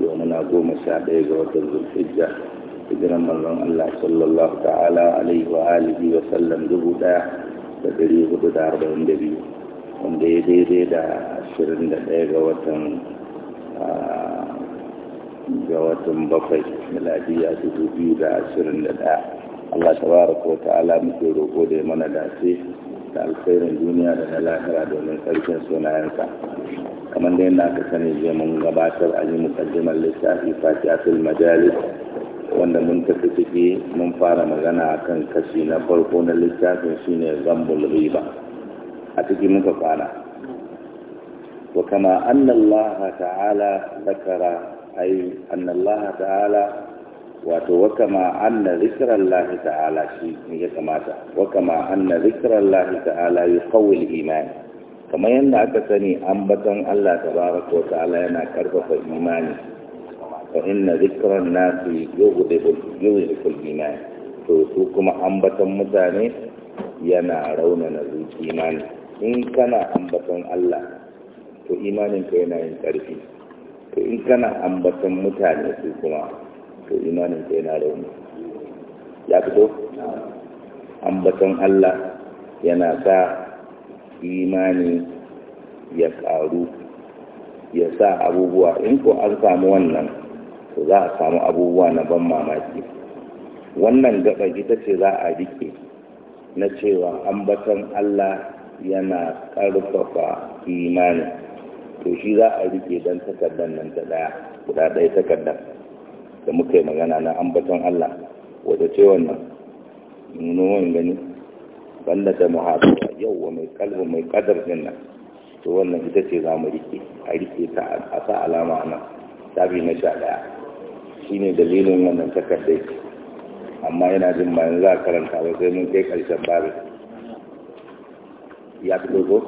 yau muna goma sha ɗaya ga watan zulhijja hijiran manzon Allah sallallahu ta'ala alaihi wa alihi wa sallam dubu ɗaya da ɗari hudu da arba'in da biyu wanda ya daidai da ashirin da ɗaya ga watan ga watan bakwai miladiya dubu biyu da ashirin da ɗaya Allah tabaraka wa ta'ala muke roƙo da ya mana dace da alkhairin duniya da na lahira domin sarkin sunayensa kamar da yadda aka sani zai mun gabatar a yi mukaddimar littafi fatihatul majalis wanda mun tafi ciki mun fara magana akan kashi na farko na littafin shine zambul riba a ciki muka kwana to kama Allah ta'ala zakara ai anna ta'ala wato waka ma anna zikrallahi ta'ala shi ya kamata waka ma anna zikrallahi ta'ala yuqawwil iman kamar yadda aka sani ambaton Allah tabaraka wa ta'ala yana karfafa imani fa inna zikran nasi yughdibu yughdibu to su kuma ambaton mutane yana raunana zuci imani in kana ambaton Allah to imaninka yana yin karfi to in kana ambaton mutane su kuma to imanin sai na rauni ya fito ambaton Allah yana sa imani ya karu ya sa abubuwa in ko an samu wannan to za a samu abubuwa na ban mamaki wannan gaba ita ce za a rike na cewa ambaton Allah yana karfafa imani to shi za a rike don takardar nan ta daya guda ɗaya takardar da muka yi magana na ambaton Allah wadda ce wannan nunuwan gani banda da muhabbata yau wa mai kalbi mai kadar din nan to wannan ita ce za mu rike a rike ta a sa alama nan sabi na sha daya shine dalilin wannan takardai amma yana jin bayan za a karanta ba sai mun kai karshen babin ya fi dogo?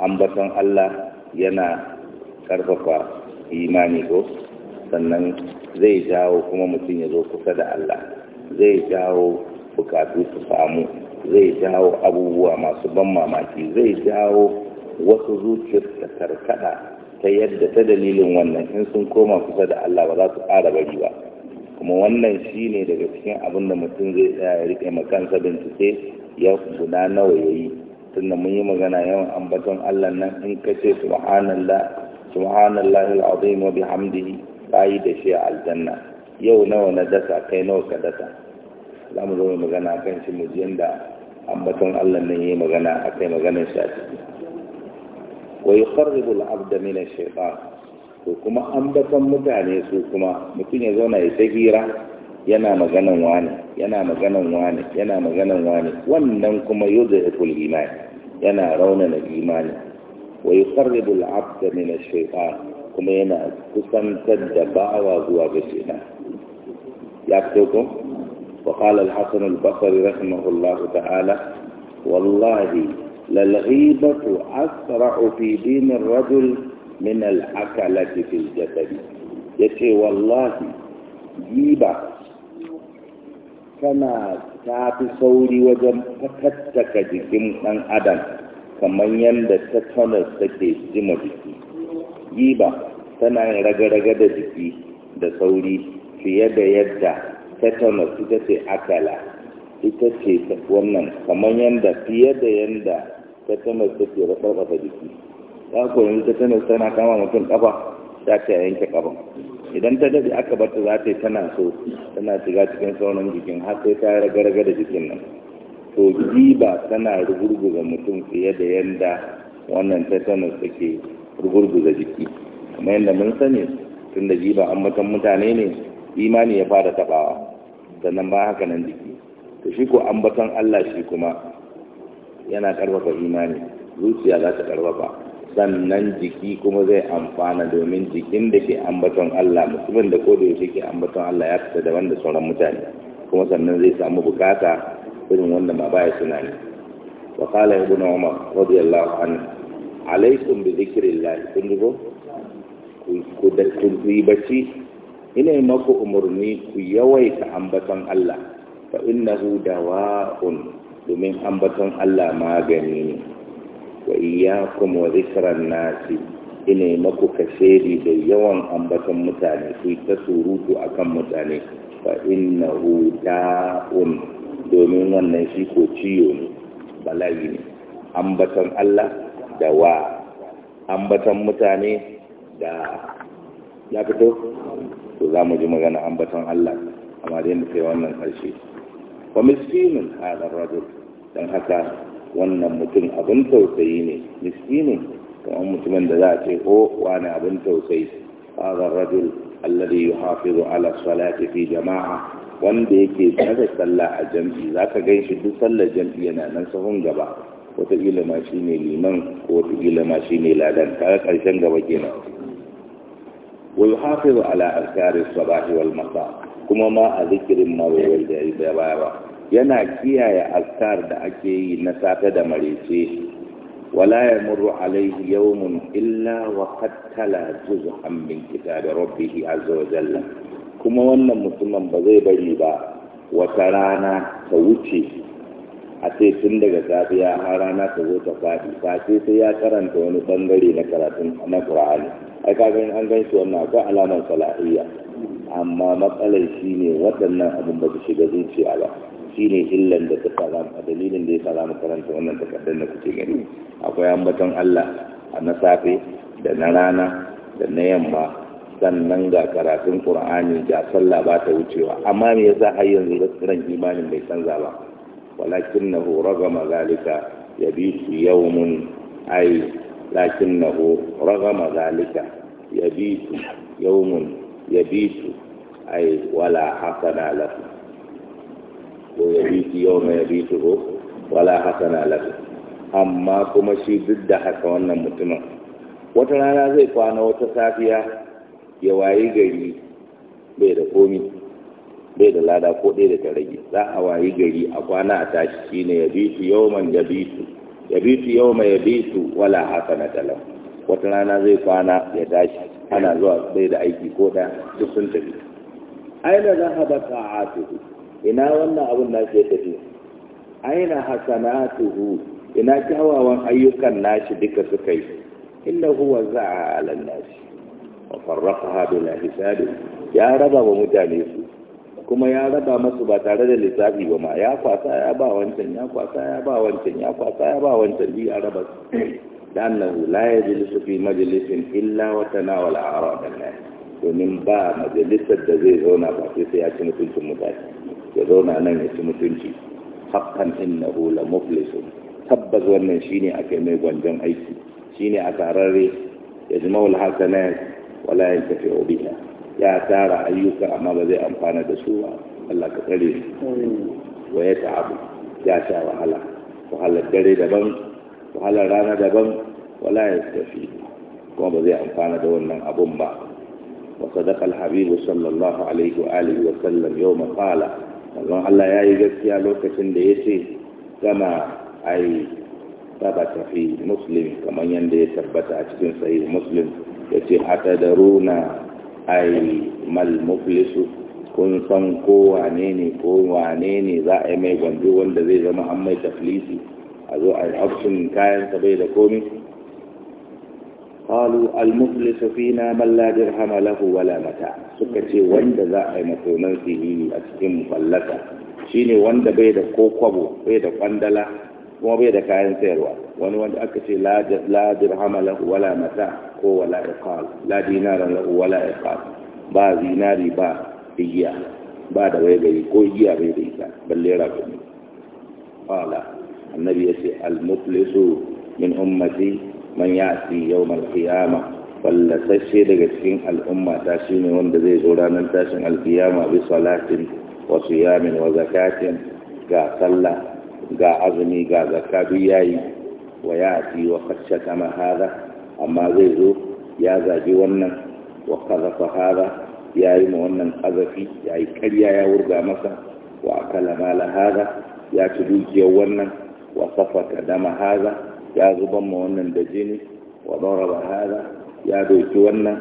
ambaton Allah yana karfafa imani ko sannan zai jawo kuma mutum ya zo kusa da Allah zai jawo bukatu su samu zai jawo abubuwa masu ban mamaki zai jawo wasu zuciyar ta karkada ta yadda ta dalilin wannan in sun koma kusa da Allah ba za su ƙara bari ba kuma wannan shi ne daga cikin abin da mutum zai tsaya ya riƙe makansa bincike ya guda nawa ya yi tunda mun yi magana yawan ambaton Allah nan in ka ce subhanallah subhanallah al-azim wa bihamdihi bayi da shi a aljanna yau nawa na dasa kai nawa ka dasa za mu zo mu magana kan shi mu ji yanda ambaton Allah ne yayi magana akai maganar shi a ciki wa yukharribu al-abda min ash-shaytan to kuma ambaton mutane su kuma mutum ya zauna ya ta hira yana maganan wani yana maganan wani yana maganan wani wannan kuma yudhiful iman yana raunana imani wa yukharribu al-abda min ash-shaytan kuma yana kusantar da bawa zuwa ga shaitan ya fito ko وقال الحسن البصري رحمه الله تعالى والله للغيبة أسرع في دين الرجل من الأكلة في الجسد يتي والله غيبة tana ta sauri wajen fatattaka jikin ɗan adam kamar yadda tetanus take jima jiki giba tana yin ragaraga da jiki da sauri fiye da yadda tetanus ita ce akala ita ce wannan kamar yadda fiye da yadda tetanus ta ke raɓarɓata jiki ya koyi tetanus tana kama mutum kafa ta ce yanke kafa idan ta daɗe aka bata za ta yi tana so tana shiga cikin sauran jikin har sai ta raga-raga da jikin nan to giba tana rugurguza mutum fiye da yadda wannan tetanus take rugurguza jiki kamar yadda mun sani tun da jiba ambatan mutane ne imani ya fara tabawa sannan ba haka nan jiki to shi ko an batan Allah shi kuma yana karfafa imani zuciya za ta karfafa sannan jiki kuma zai amfana domin jikin da ke ambaton Allah mutumin da ko da yake ke ambaton Allah ya fita daban da sauran mutane kuma sannan zai samu bukata irin wanda ma baya tunani wa qala ibnu umar radiyallahu anhu alaikum bi zikrillah kun dubo ku da kun bacci ina maku umarni ku yawaita ambaton Allah fa innahu dawa'un domin ambaton Allah magani ne wa iyyakum wa zikran nasi ina maku kashedi da yawan ambaton mutane ku ta surutu akan mutane fa innahu da'un domin wannan shi ko ciyo ne bala'i ne ambaton Allah da wa ambatan mutane da ya fito to za mu ji magana ambatan Allah amma da yadda kai wannan harshe. wa miskinin hada rajul don haka wannan mutum abin tausayi ne miskinin kamar mutumin da za a ce o oh, wani abin tausayi hada rajul alladhi yuhafizu ala salati fi jama'a wanda yake tsare sallah a jam'i zaka gaishi duk sallar jam'i yana nan sahun gaba wataƙila ma shi ne liman ko wataƙila ma shi ne ladan kaga ƙarshen gaba kenan wa yuhafizu ala azkari sabahi wal masa kuma ma a zikirin ma bai da baya ba yana kiyaye azkar da ake yi na safe da marece wala ya muru alaihi yawmun illa wa qattala juz'an min kitab rabbih azza wa jalla kuma wannan mutumin ba zai bari ba wata rana ta wuce a ce tun daga safiya har rana ta zo ta faɗi face sai ya karanta wani bangare na karatun na ƙur'ani. ai ka gani an gan wannan akwai alamar salahiyya amma matsalar shi ne waɗannan abin ba su shiga zuciya ba shi ne illan da ta fara a dalilin da ya mu karanta wannan takardar da kuke gani akwai ambaton Allah a na safe da na rana da na yamma sannan ga karatun Qur'ani ga sallah ba ta wucewa amma me yasa har yanzu ran imanin bai canza ba ولكنه رغم ذلك يبيت يوم أي لكنه رغم ذلك يبيت يوم يبيت أي ولا حسن له ويبيت يوم يبيته ولا حسن له amma kuma shi duk da haka wannan mutumin wata rana zai kwana wata safiya ya wayi gari bai da komi bai da lada ko ɗaya da ta za a wayi gari a kwana a tashi shine ya bitu yawman ya bitu ya bitu yawma ya bitu wala na talam wata rana zai kwana ya tashi ana zuwa bai da aiki ko da duk sun tafi aina a atuhu ina wannan abun na ke tafi aina hasanatuhu ina kyawawan ayyukan nashi duka suka yi inna huwa za'a alan nashi wa hadu bila hisabi ya raba wa mutane su kuma ya raba masu ba tare da lissafi ba ma ya kwasa ya ba wancan ya kwasa ya ba wancan ya kwasa ya ba wancan bi a raba su da annahu la yajlisu lissafi majalisin illa wa tanawala arada Allah domin ba majalisar da zai zauna ba sai sai ya ci mutuncin mutane ya zauna nan ya ci mutunci haqqan innahu la muflisun tabbas wannan shine aka mai gwanjan aiki shine a ya ji maul hasanat wala ya tafi biha ya tara ayyuka amma ba zai amfana da su ba Allah ka tsare wa ya ta'abu ya sha wahala wahalar dare daban wahalar rana daban wala ya tafi kuma ba zai amfana da wannan abun ba wa sadaqa al-habib sallallahu alaihi wa alihi wa sallam ma qala manzon Allah ya yi gaskiya lokacin da ya ce kama ai sabata tafi muslim kamar yadda ya tabbata a cikin sahih muslim ya ce hata da runa ai mal muflisu kun san ko wane ne ko wane ne za a yi mai gwanzu wanda zai zama an mai taflisi a zo a auction kayan sa bai da komi halu al muflisu fina na la wala mata suka ce wanda za a yi matonan sihiri a cikin mufallaka shine wanda bai da ko bai da kwandala kuma bai da kayan sayarwa wani wanda aka ce la dirhama lahu wala mata ko wala iqal la lahu wala iqal ba zinari ba igiya ba da wai gari ko igiya bai da ita balle rabu qala annabi yace al muflisu min ummati man ya'ti yawm al qiyamah wallasashe daga cikin al'umma ta wanda zai zo ranar tashin alkiyama bi salatin wa siyamin wa zakatin ga sallah ga azumi ga zakka duk yayi wa ya ya'ti wa qad kama hada amma zai zo ya zagi wannan wa qadhafa hada yi ma wannan azafi yi karya ya wurga masa wa akala mala hada ya ci dukiyar wannan wa safaka dama hada ya zuban ma wannan da jini wa daraba hada ya doki wannan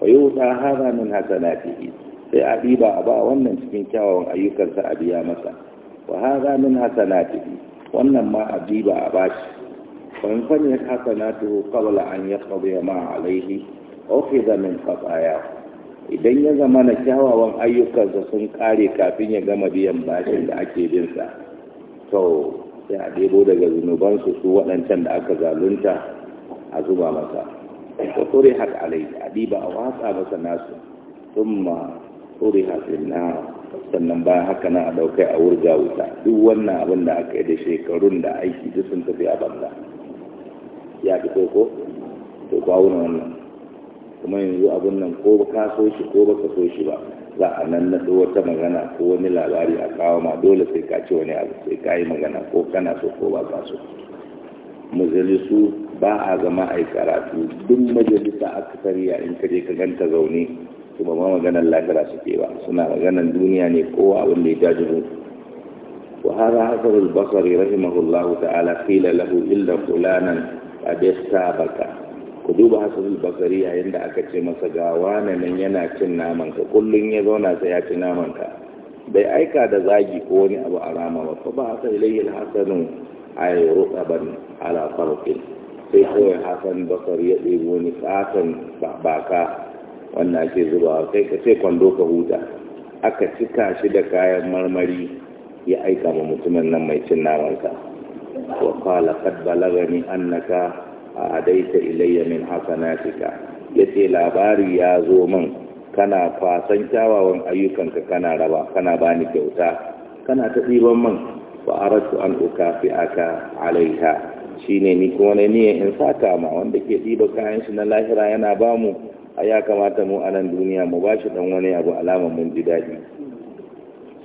wa yuta hada min hasanatihi sai a ɗiba a ba wannan cikin kyawawan ayyukansa a biya masa wa haza min hasanatihi wannan ma adiba a bashi وإن فنيت حسناته قبل أن يقضي ما عليه أخذ من خطاياه idan ya zama na kyawawan ayyukansa sun kare kafin ya gama biyan bashin da ake binsa to sai a ɗebo daga zunubansu su waɗancan da aka zalunta a zuba masa ko tsori haka alai a ɗiba a watsa masa nasu sun ma tsori hasin sannan bayan haka na a ɗaukai a wurga wuta duk wannan abin da aka yi da shekarun da aiki duk sun tafi a banza ya fi ko to ba wannan kuma yanzu abin nan ko ka so shi ko baka so shi ba za a nan na wata magana ko wani labari a kawo ma dole sai ka ce wani abu sai ka yi magana ko kana so ko ba ka so majalisu ba a zama a yi karatu duk majalisa aka karya in ka je ka ganta zaune kuma ba ma maganar lahira suke ba suna maganar duniya ne kowa abin da ya jajibu wa hada hasarul basari rahimahullahu ta'ala qila lahu illa fulanan qad ku duba hasarul basari yayin da aka ce masa ga wani nan yana cin naman ka ya zauna sai ya ci naman ka bai aika da zagi ko wani abu a rama ba fa ba hasa ilayhi al-hasanu ay ruqaban ala sai kawai hasan Basar ya ɗebo ni katon baka wannan ake zubawa kai ka ce kwando ka huta aka cika shi da kayan marmari ya aika ma mutumin nan mai cin namansa wa kala kad balagani annaka a adaita ilayya min hasanatika yace labari ya zo min kana kwasan kyawawan ayyukanka kana raba kana bani kyauta kana ta ɗiban man a aratu an ukafi aka alaiha shine ni kuma ne in saka ma wanda ke ɗiba kayan shi na lahira yana bamu a ya kamata mu a nan duniya mu ba shi ɗan wani abu alaman mun ji daɗi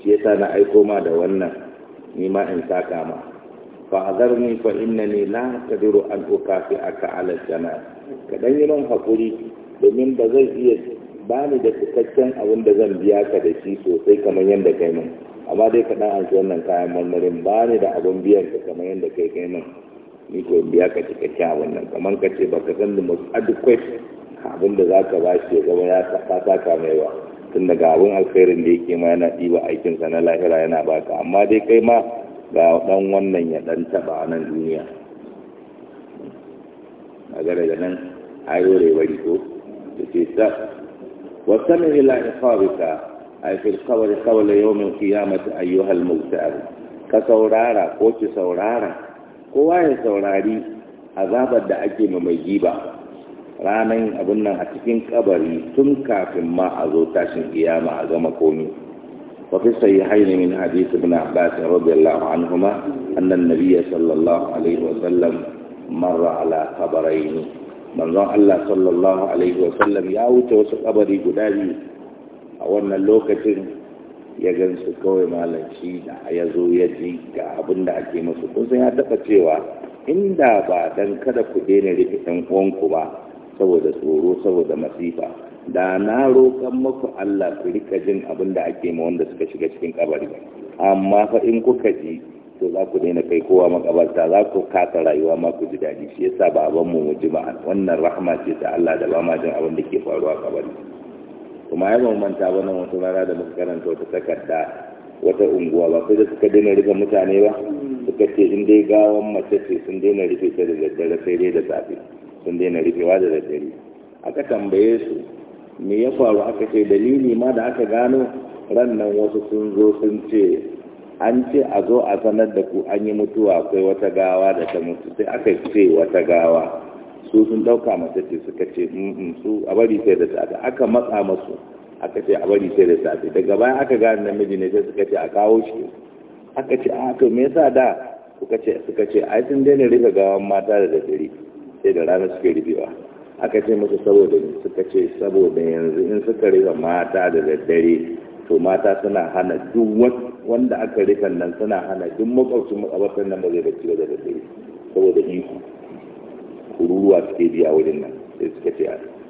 shi yasa na aiko ma da wannan ni ma in saka ma fa azarni fa innani la tadiru an ukafi aka ala jana ka dan yi hakuri domin ba zan iya ba ni da cikakken abin da zan biya ka da shi sosai kamar yadda kai min amma dai ka dan an wannan kayan marmarin ba ni da abin biyan ka kamar yadda kai kai min ni ko biya ka cikakken abin nan kamar ka ce baka san da mu adequate abin da za ka ba shi ya zama ya ka saka mai wa tun daga abin alkhairin da yake ma yana ɗiba aikinsa na lahira yana baka amma dai kai ma ga ɗan wannan ya ɗan taɓa a nan duniya a gare da nan ayo bari ko da ce sa wasan ila ikhabika ay fil qabr qabla yawm al qiyamah ka saurara ko ki saurara kowa ya saurari azabar da ake ma mai giba ranan abin nan a cikin kabari tun kafin ma a zo tashin kiyama a gama komai. wa fi sayi haini min hadisi bin abbas radiyallahu annan nabiyya sallallahu alaihi wa sallam marra ala kabaraini manzon Allah sallallahu alaihi wa sallam ya wuce wasu kabari guda biyu a wannan lokacin ya gansu kawai malaci da ya zo ya ji ga abin da ake musu kun ya taɓa cewa inda ba dan kada ku daina rufe ɗan uwanku ba saboda tsoro saboda masifa da na roƙon maku Allah ku rika jin abin da ake ma wanda suka shiga cikin kabari amma fa in kuka ji to za ku daina kai kowa makabarta za ku kasa rayuwa ma ku ji daɗi shi yasa ba mu mu ba wannan rahama ce ta Allah da ba ma jin abin da ke faruwa kabari kuma ya ban manta ba nan wata rana da muka karanta wata takarda wata unguwa ba sai da suka daina rufe mutane ba suka ce in dai gawan mace ce sun daina rufe ta da daddare sai dai da safe sun daina rufewa da daddare aka tambaye su me ya faru aka ce dalili ma da aka gano rannan wasu sun zo sun ce an ce a zo a sanar da ku an yi mutuwa akwai wata gawa da ta mutu sai aka ce wata gawa su sun ɗauka masa ce suka ce su a bari sai da safe aka matsa masu aka ce a bari sai da safe daga baya aka gane namiji ne sai suka ce a kawo shi aka ce a to me yasa da suka ce suka ce ai sun daina rufe gawan mata da daddare sai da rana suke ribewa aka ce musu saboda suka ce saboda yanzu in suka riba mata da daddare to mata suna hana duk wanda aka rikan nan suna hana duk makwabcin makwabcin nan ba zai bacci ba da daddare saboda iko kururuwa suke biya wajen nan sai suka ce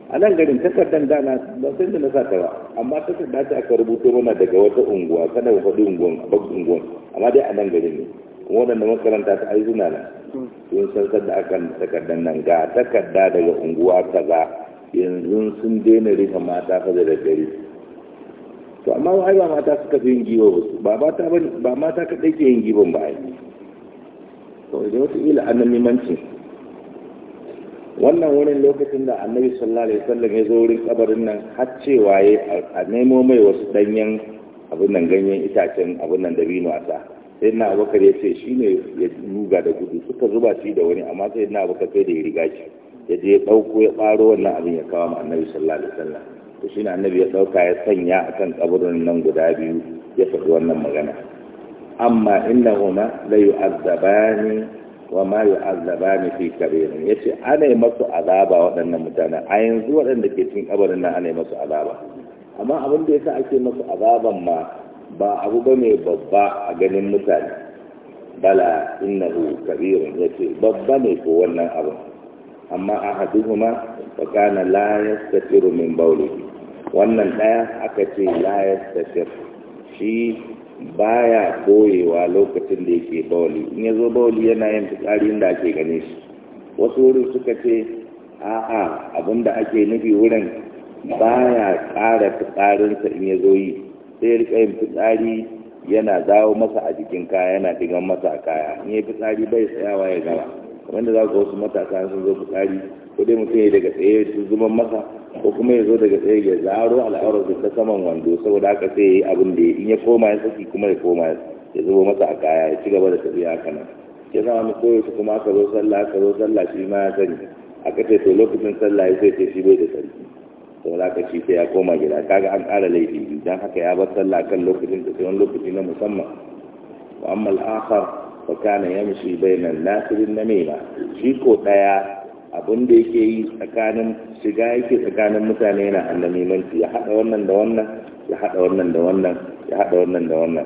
a nan garin takardar dana ba sai da na sa ta ba amma takardar ta aka rubuto mana daga wata unguwa kada mu faɗi unguwan a unguwan amma dai a nan garin ne waɗanda makaranta ta ai na. sun san da akan takardar nan ga takarda daga unguwa ga. yanzu sun daina rufe mata fa da gari to amma wai ba mata suka fi yin giwa ba ba mata ba ba mata ka dake yin giban ba ai to idan wata ila annan mimanci wannan wurin lokacin da annabi sallallahu alaihi wasallam ya zo wurin kabarin nan har cewa ya a nemo mai wasu danyen abin nan ganyen itacen abin nan dabino a sa sai na abokar ya ce shi ne ya nuga da gudu suka zuba shi da wani amma sai na abokar sai da ya riga shi ya je ya ɗauko ya ɓaro wannan abin ya kawo ma annabi sallallahu alaihi wasallam to shi ne annabi ya ɗauka ya sanya a kan kaburin nan guda biyu ya faɗi wannan magana amma huma la yu'azzabani wa ma yu'azzabani fi kabirin yace ana yi masu azaba waɗannan mutanen a yanzu waɗanda ke cikin kabarin nan ana yi masu azaba amma abin da yasa ake masu azaban ma ba abu ba ne babba a ganin mutane bala innahu kabirun yace babba ne ko wannan abu amma ahaduhuma fa kana la yastatiru min bawlihi wannan daya aka ce la yastatir shi baya koyewa lokacin da yake bawli in ya zo bawli yana yin fitsari inda ake gane shi wasu wurin suka ce a'a abinda ake nufi wurin baya ƙara fitsarinsa in ya zo yi sai ya fitsari yana dawo masa a jikin kaya yana digan masa a kaya in ya fitsari bai tsayawa ya gama kamar da za ku wasu matasa sun zo fitsari ko dai mutum ya daga tsaye su zuban masa ko kuma ya zo daga tsaye ya zaro al'aurar su ta saman wando saboda haka sai ya yi abin da in ya koma ya saki kuma ya koma ya zubo masa a kaya ya ci gaba da tafiya haka nan ya sa wani koyaushe kuma aka zo sallah aka zo sallah shi ma ya sani a ce to lokacin sallah ya sai ce shi bai da sarki sau ka shi sai ya koma gida kaga an kara laifi dan haka ya bar sallah kan lokacin da sai wani lokaci na musamman wa amma al-akhar fa kana yamshi bainan nasirin namima shi ko daya abin da yake yi tsakanin shiga yake tsakanin mutane yana annamimanci ya haɗa wannan da wannan ya haɗa wannan da wannan ya haɗa wannan da wannan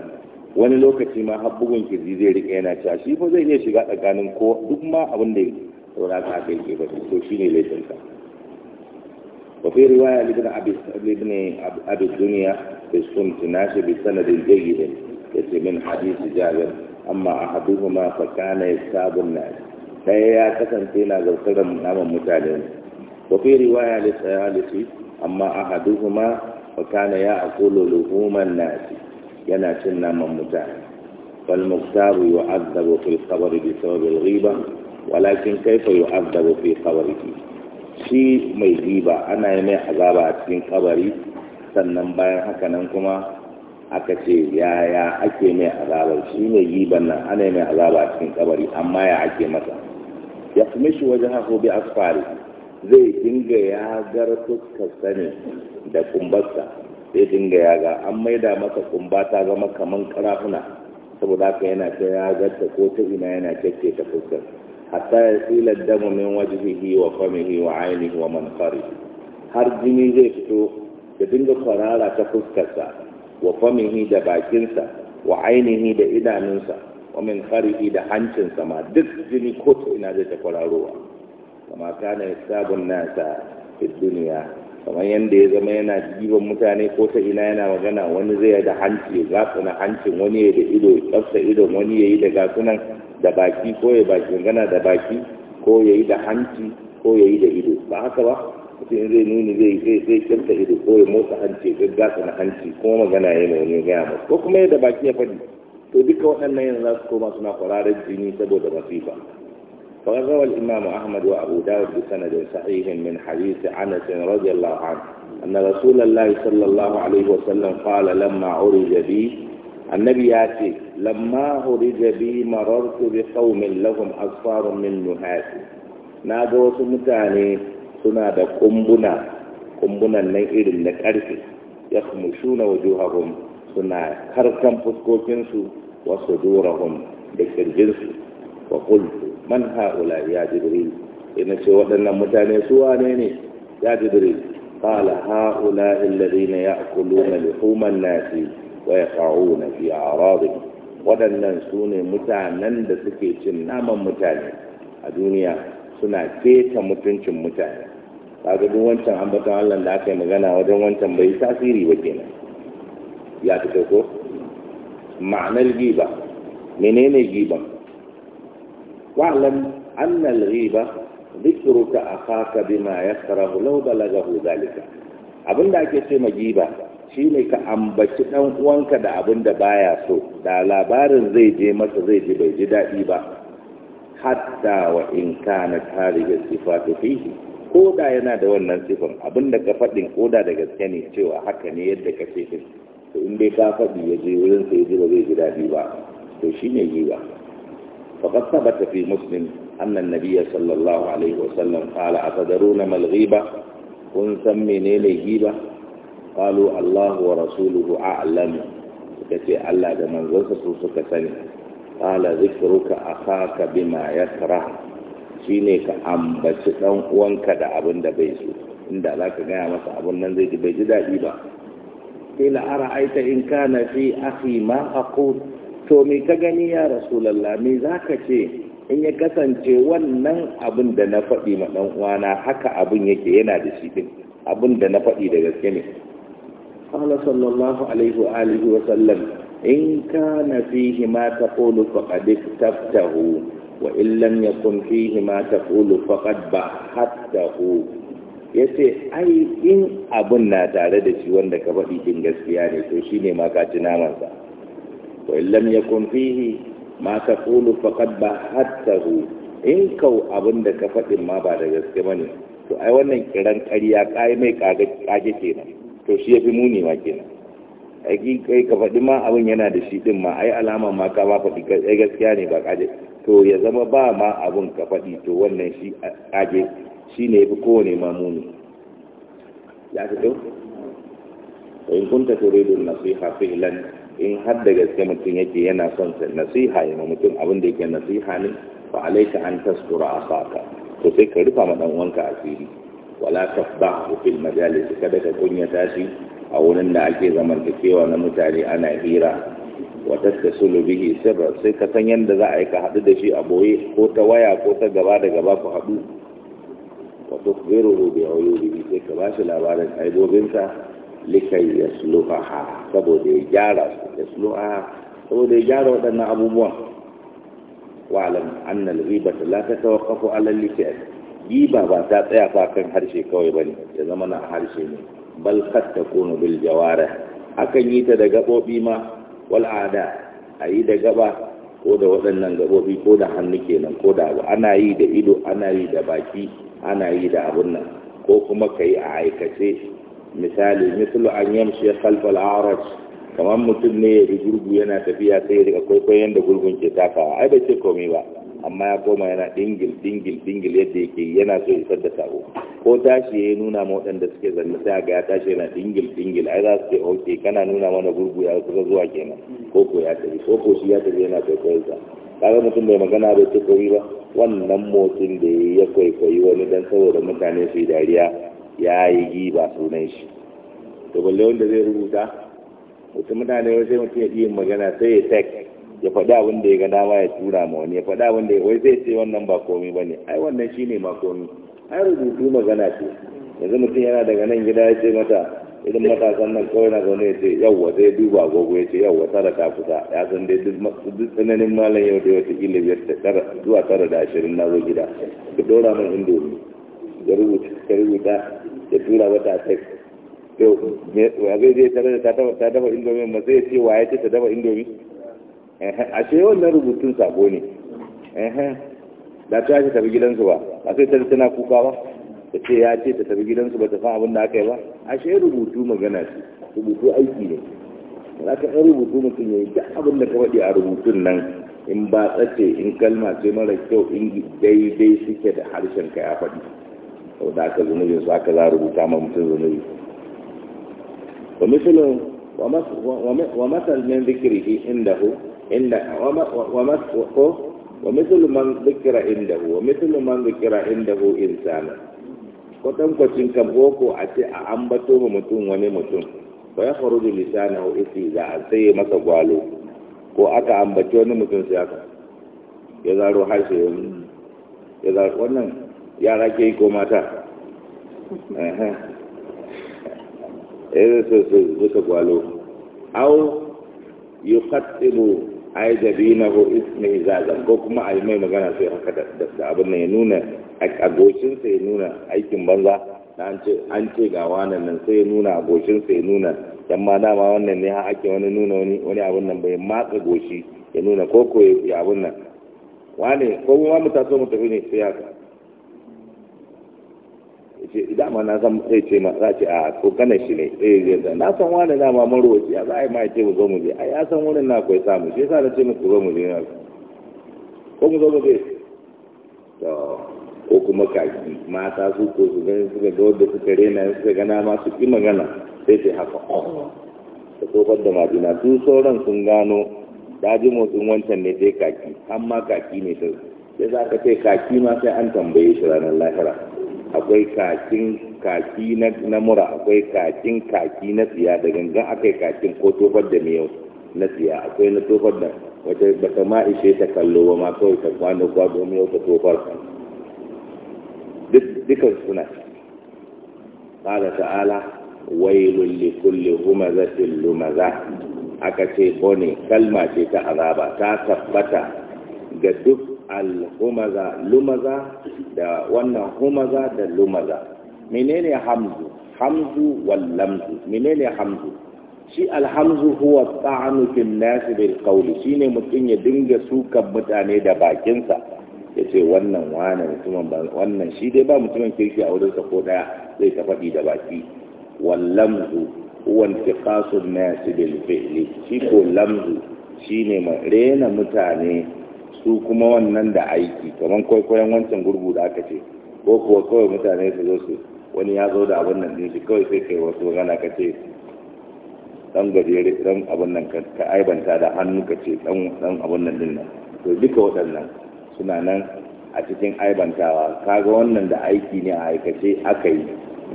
wani lokaci ma har bugun kirji zai rike yana cewa shi fa zai iya shiga tsakanin ko duk ma abin da ya sauraka aka yi ke ba to shine ka. وفي رواية لابن أبي لابن أبي الدنيا في السنة ناشي بسند جيد من حديث جابر أما أحدهما فكان يكتاب الناس فهي فينا ذو قدم نام متعلم وفي رواية لسيالتي أما أحدهما فكان يأكل لحوم الناس يناتي نام متعلم فالمختار يعذب في القبر بسبب الغيبة ولكن كيف يعذب في قبره shi mai riba ana yi mai azaba a cikin kabari sannan bayan hakanan kuma aka ce yaya ake mai azabar shi mai riban nan ana yi mai azaba a cikin kabari amma ya ake masa ya kuma shi wajen hako bi asfari zai dinga ya gar fuskarsa ne da kumbarsa zai dinga ya ga an maida masa kumba ta zama kaman karafuna saboda haka yana ta ya garta ko ta ina yana kyakke ta fuskar hatta ya tsila damu min wajihihi wa famihi wa ainihi wa manfari har jini zai fito da dinga kwarara ta fuskarsa wa famihi da bakinsa wa ainihi da idanunsa wa min kharihi da hancinsa ma duk jini ko ta ina zai ta kwararowa kama kana hisabun nasa a duniya kamar yadda ya zama yana jiban mutane ko ta ina yana magana wani zai da hanci ya na hancin wani ya da ido ya tsafta idon wani ya yi da gasunan da baki ko ya baki gana da baki ko ya yi da hanci ko ya yi da ido ba haka ba mutum zai nuni zai zai zai kyanta ido ko ya motsa hanci ya gasa na hanci ko magana ya yi wani gaya masa ko kuma ya da baki ya faɗi to duka waɗannan yanzu za su koma suna kwararar jini saboda masifa فروى الإمام أحمد وأبو داود بسند صحيح من حديث أنس رضي الله عنه أن رسول الله صلى الله عليه وسلم قال لما عرج بي النبي ياتي لما هرج بي مررت بقوم لهم اصفار من نهاس نادوا سمتاني سنا دا كمبنا كمبنا نن ايرن يخمشون وجوههم سنا كركم فسكوكين سو وصدورهم بكرجل سو وقلت من هؤلاء يا جبريل إن سوى ان متاني سوى نيني يا جبريل قال هؤلاء الذين يأكلون لحوم الناس wa yaqa'una fi a'radihim waɗannan su ne mutanen da suke cin naman mutane a duniya suna keta mutuncin mutane kaga duk wancan ambaton Allah da aka yi magana wajen wancan bai tasiri ba kenan ya fito ko ma'anar giba menene giba wa'lam anna al-ghiba dhikruka akhaka bima yakrahu law balagahu dhalika abinda ake ce ma giba shi ne ka ambaci ɗan uwanka da abin da baya so da labarin zai je masa zai ji bai ji daɗi ba hatta wa in kana tarihi sifatu fihi ko da yana da wannan sifan abin da ka faɗin koda da gaske ne cewa haka ne yadda ka ce din to in dai ka faɗi ya je wurin sai ji ba zai ji daɗi ba to shi shine giba faqad thabata fi muslim anna an-nabiy sallallahu alaihi wasallam qala atadaruna mal ghiba kun san menene giba qalu Allahu wa rasuluhu a'lam suka ce Allah da manzonsa su suka sani qala zikruka bi bima Shi shine ka ambaci dan uwanka da abin da bai so inda zaka gaya masa abin nan zai ji bai ji dadi ba qila aita in kana fi akhi ma aqul to me ka gani ya rasulullah me zaka ce in ya kasance wannan abin da na faɗi ma ɗan uwana haka abin yake yana da shi din abin da na faɗi da gaske ne قال صلى الله عليه وآله وسلم إن كان فيه ما تقول فقد اكتبته وإن لم يكن فيه ما تقول فقد بحثته ya ce ai in abin na tare da shi wanda ka faɗi din gaskiya ne to shi ne maka ci namansa wa illam yakun fihi ma ka kulu faqad ba hattahu in kau abin da ka faɗin ma ba da gaske bane to ai wannan kiran ƙarya kai mai kage kenan to shi ya fi muni ma kenan aiki kai ka faɗi ma abin yana da shi ɗin ma ai alama ma ka ba faɗi kai gaskiya ne ba kaje to ya zama ba ma abin ka faɗi to wannan shi kaje shi ne ya fi kowane ma muni ya fito to in kunta turidun nasiha fi'lan in har da gaske mutum yake yana son sa nasiha ya mutum abin da yake nasiha ne fa alaika an tasdura asaka to sai ka rufa ma dan uwanka asiri wala tafba'u fil majalis kada ka kunya tashi a wurin da ake zamantakewa na mutane ana hira wa tattasulu bihi sirra sai ka san yanda za a yi ka haɗu da shi a boye ko ta waya ko ta gaba da gaba ku haɗu wa tukhbiruhu bi uyubihi sai ka bashi labarin aibobinsa likai yasluha saboda ya gyara su yasluha saboda ya gyara waɗannan abubuwan Wa alam anna al-ghibata la tatawaqqafu 'ala al-lisan riba ba ta tsaya fa kan harshe kawai ba ne ya zama na harshe ne bal qad kunu bil jawara akan yi ta da gabobi ma wal ada ayi da gaba ko da waɗannan gabobi ko da hannu kenan ko da abu ana yi da ido ana yi da baki ana yi da abun nan ko kuma kai a aikace misali mislu an yamshi khalfal araj kamar mutum ne ya gurgu yana tafiya sai ya rika kwaikwayon da gurgun ke takawa ai bai ce komai ba amma ya koma yana dingil dingil dingil yadda yake yana so ya sadda sako ko tashi ya nuna ma waɗanda suke zanne sai ga ya tashi yana dingil dingil ai za su ce okay kana nuna mana gurgu ya kusa zuwa kenan ko ko ya tafi ko ko shi ya tafi yana kwaikwayon sa kaga mutum bai magana bai ce kauri ba wannan motsin da ya kwaikwayi wani dan saboda mutane su yi dariya ya yi giba sunan shi to balle wanda zai rubuta mutum mutane sai mutum ya iya magana sai ya tek ya faɗi abin da ya ga dama ya tura ma wani ya faɗi abin da wai zai ce wannan ba komi ba ne ai wannan shi ne ma komi ai rubutu magana ce yanzu mutum yana daga nan gida ya ce mata idan matasan nan kawai na zaune ya ce yawwa zai duba gogo ya ce yawwa tara ta kusa ya san dai duk tsananin malam yau da wata kila biyar zuwa tara da ashirin na zo gida ku ɗora min indomi ya rubuta ya rubuta ya tura wata tek yau wa zai je tare da ta dafa indomi ma zai ce wa ya ce ta dafa indomi a ce wannan rubutun sabo ne da ta ce tafi gidansu ba a sai tafi tana kuka ba ta ce ya ce ta tafi gidansu ba ta fa abin da aka yi ba a ce rubutu magana ce rubutu aiki ne za ka ɗan rubutu mutum ya yi duk abin da ka faɗi a rubutun nan in ba tsace in kalma ce mara kyau in daidai suke da harshen ka ya faɗi sau da aka zunubi su aka za rubuta ma mutum zunubi wa misalin wa masal min zikiri inda hu inda wa mithlu man dhikra indahu wa mithlu man dhikra indahu insana kwatankwacin kan boko a ce a ambato ma mutum wani mutum ko ya faru da lisanahu isi za a sai masa gwalo ko aka ambato wani mutum sai aka ya zaro harshe ya zaro wannan yara ke yi ko mata eh zai su suka gwalo au yi ai da na ko ismi zazan ko kuma a yi mai magana sai haka da abin nan ya nuna a goshinsa ya nuna aikin banza na an ce ga wannan nan sai ya nuna a goshinsa ya nuna dan ma dama wannan ne ha ake wani nuna wani wani abin nan bai matsa goshi ya nuna koko ya abin nan wane ko kuma mu taso mu tafi ne sai haka ce dama na san zai ce ma za ce a kokana shi ne eh zai da na san wani dama ma a za a yi ma ce mu zo mu je ai ya san wurin na akwai samu shi yasa na ce muku zo mu je na ko mu zo mu je to ko kuma kaki mata su ko su ga suka ga wadda suka rena suka gana ma su ki magana sai ce haka da kofar da madina su sauran sun gano daji motsin wancan ne sai kaki amma kaki ne ta sai za ka ce kaki ma sai an tambaye shi ranar lahira akwai kakin kaki na mura akwai kakin kaki na tsiya da gangan akai kakin ko tofar da miyau na tsiya akwai na tofar da wata bata ma ishe ta kallo ba ma kawai ta kwano kwado miyau ta tofar dukkan suna qala ta'ala wai wailul likulli humazatin lumaza aka ce bone kalma ce ta azaba ta tabbata ga duk al-humaza lumaza da wannan humaza da lumaza menene hamzu hamzu wal lamzu menene hamzu shi alhamzu huwa ta'anu fil nas bil qawli shine mutun ya dinga sukan mutane da bakinsa yace wannan wani mutumin ba wannan shi dai ba mutumin kirki a wurin sa ko daya zai ta fadi da baki wal lamzu huwa intiqasu nas bil fi'li shi ko lamzu shine rena mutane su kuma wannan da aiki kamar kwaikwayon wancan gurgu da aka ce ko kuwa kawai mutane su zo su wani ya zo da abin nan din shi kawai sai kai wasu gana ka ce dan gajere dan abin nan ka aibanta da hannu ka ce dan dan abin nan din nan to duka waɗannan suna nan a cikin aibantawa kaga wannan da aiki ne a aikace aka yi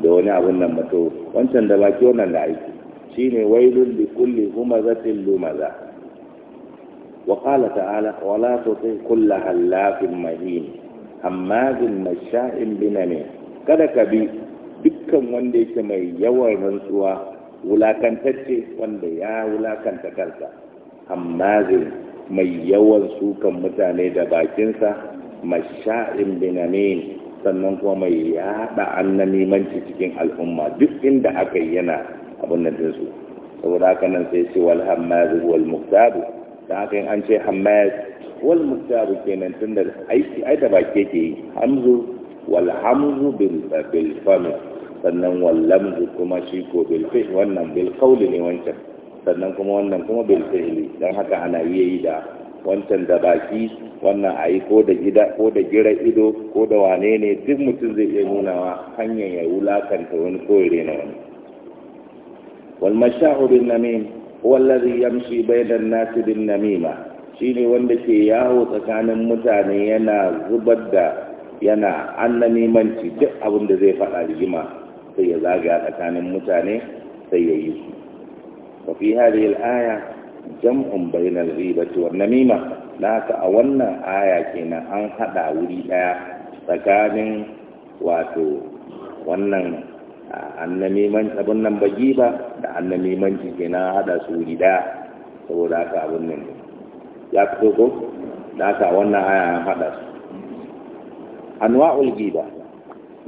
da wani abin nan mato wancan da baki wannan da aiki shine wailul li kulli humazatin lumaza وقال تعالى ولا تطع كل هلاف مهين هماز مشاء بنميم kada ka bi dukkan wanda yake mai yawan rantsuwa wulakantacce wanda ya wulakanta kansa hammazin mai yawan sukan mutane da bakinsa masha'in binamin sannan kuma mai yada nimanci cikin al'umma duk inda aka yi yana abin nan dinsu saboda haka nan sai ce wal hammazin wal muktadu da aka yin an ce hamas wal mustaru kenan tun da aiki ai da baki ke yi hamzu wal hamzu bil fami sannan wal lamzu kuma shi ko bil fi wannan bil qawli ne wancan sannan kuma wannan kuma bil fi dan haka ana iya yi da wancan da baki wannan ayi ko da gida ko da gira ido ko da wane ne duk mutum zai iya nunawa hanyar ya wulakanta wani koyare na wani wal mashahurun namim wallazi yamshi bainan nasi bin namima shine wanda ke yawo tsakanin mutane yana zubar da yana annanimanci duk abin da zai faɗa rigima sai ya zagaya tsakanin mutane sai ya yi su wa fi hadhihi al-aya jam'un al ghibati wan namima haka a wannan aya kenan an hada wuri daya tsakanin wato wannan man abin nan bagi ba da annamimanci ke na hada su gida saboda haka abin nan ya fito ko da haka wannan aya an hada su anwa'ul giba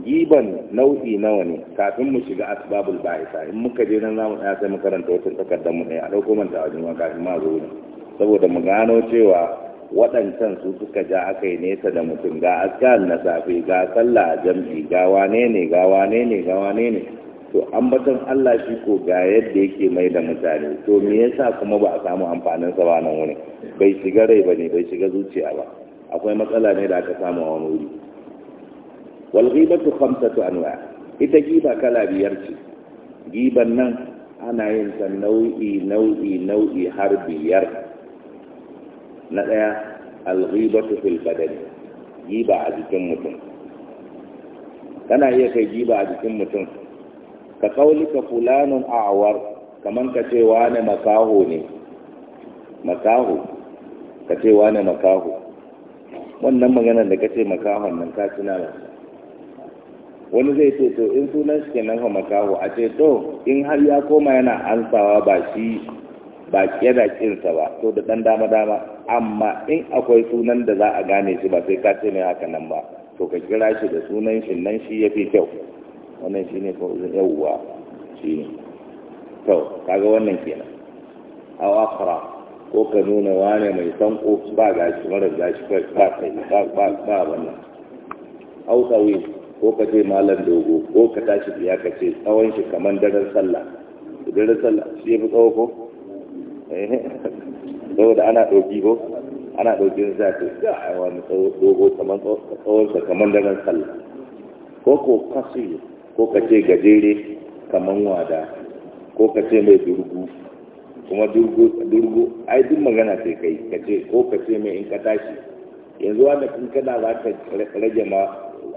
giban nau'i nawa ne kafin mu shiga asbabul ba'isa in muka je nan zamu tsaya sai mu karanta wata takardar mu ɗaya a dauko manta a jima kafin ma zo ne saboda mu gano cewa waɗancan su suka ja aka yi nesa da mutum ga askan na safe ga sallah a jam'i ga wane ne ga wane ne ga wane ne to ambaton Allah shi ko ga yadda yake mai da mutane to me yasa kuma ba a samu amfanin sa ba nan wani bai shiga rai ba ne bai shiga zuciya ba akwai matsala ne da aka samu a wani wuri wal ghibatu khamsatu anwa ita giba kala biyar ce giban nan ana yin sa nau'i nau'i nau'i har biyar na ɗaya alghibatu fil badani giba a jikin mutum kana iya kai giba a jikin mutum ka kaulika fulanin a'war kamar ka ce wane makaho ne makaho ka ce wane makaho wannan maganar da ka ce makahon nan ka tuna ba wani zai ce to in sunan shi kenan fa makaho a ce to in har ya koma yana ansawa ba shi ba yana kinsa ba to da dan dama dama amma in akwai sunan da za a gane shi ba sai ka ce mai haka nan ba to ka kira shi da sunan shi nan shi ya fi kyau wannan shi ne kawai yawuwa shi ne kyau kaga wannan kenan a wakara ko ka nuna wane mai sanko ba gashi mara gashi ba kai ba ba wannan au ko ka ce malam dogo ko ka tashi biya ka ce tsawon shi kamar daren sallah daren sallah shi ya fi tsawo ko eh, saboda ana ɗauki ko ana ɗauki za ce ga a wani dogo kamar tsawonsa kamar da sallah ko ko kasu ko ka ce gajere kamar wada ko ka ce mai durgu kuma durgu ai duk magana sai kai ka ce ko ka ce mai in ka tashi yanzu wanda kun kana za ka rage ma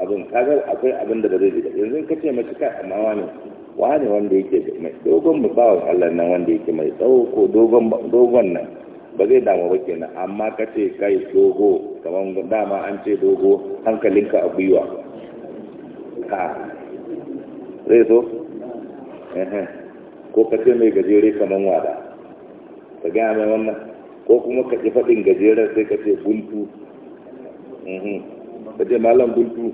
abin kaga akwai abin da ba zai jika yanzu ka ce mace ka amma wani wani wanda yake mai dogon mu bawan Allah nan wanda yake mai tsawo ko dogon nan ba zai damu ba kenan amma ka ce kai dogo kamar dama an ce dogo hankalinka a gwiwa ha zai so ko ka ce mai gajere kamar wada ka gaya mai wannan ko kuma ka ce faɗin gajeren sai ka ce buntu ka ce malam buntu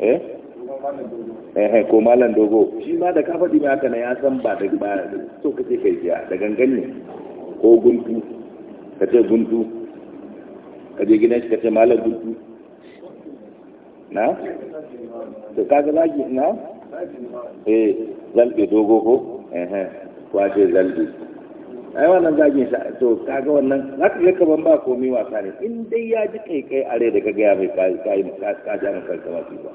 eh ko malam dogo shi ma da ka faɗi mai haka na ya san ba da gaba so ka ce kai ya da gangan ne ko guntu ka ce guntu ka je gidan shi ka ce malam guntu na? to kaga zagi na? eh zalbe dogo ko? ehe kwace zalbe ai wannan zagin sa to kaga wannan za ka ga kaman ba komai wasa ne in dai ya ji kai kai are da ka gaya mai kai kai ka ja ja kai kamar ba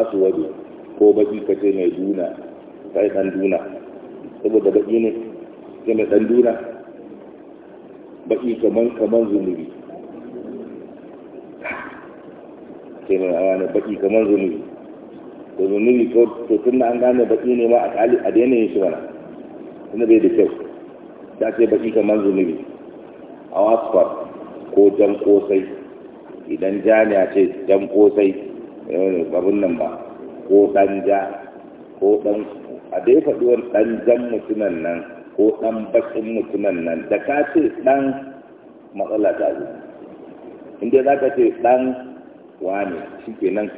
asu wadi ko baki ka ce mai duna kai dan duna saboda baki ne ke mai dan duna baki kaman kaman zunubi sai mai baki kaman zunubi da zunubi ko to tun da an gane baki ne ma a kali a daina yin shi mana tunda bai da kyau ta ce baki kaman zunubi a wasfar ko jan kosai idan ja ne a ce jan kosai eh, abin nan ba ko danja ja ko dan a dai faɗi wani dan jan mutunan nan ko ɗan bakin mutumin nan da ka ce ɗan matsala ta zo inda za ka ce ɗan wane shi ke nan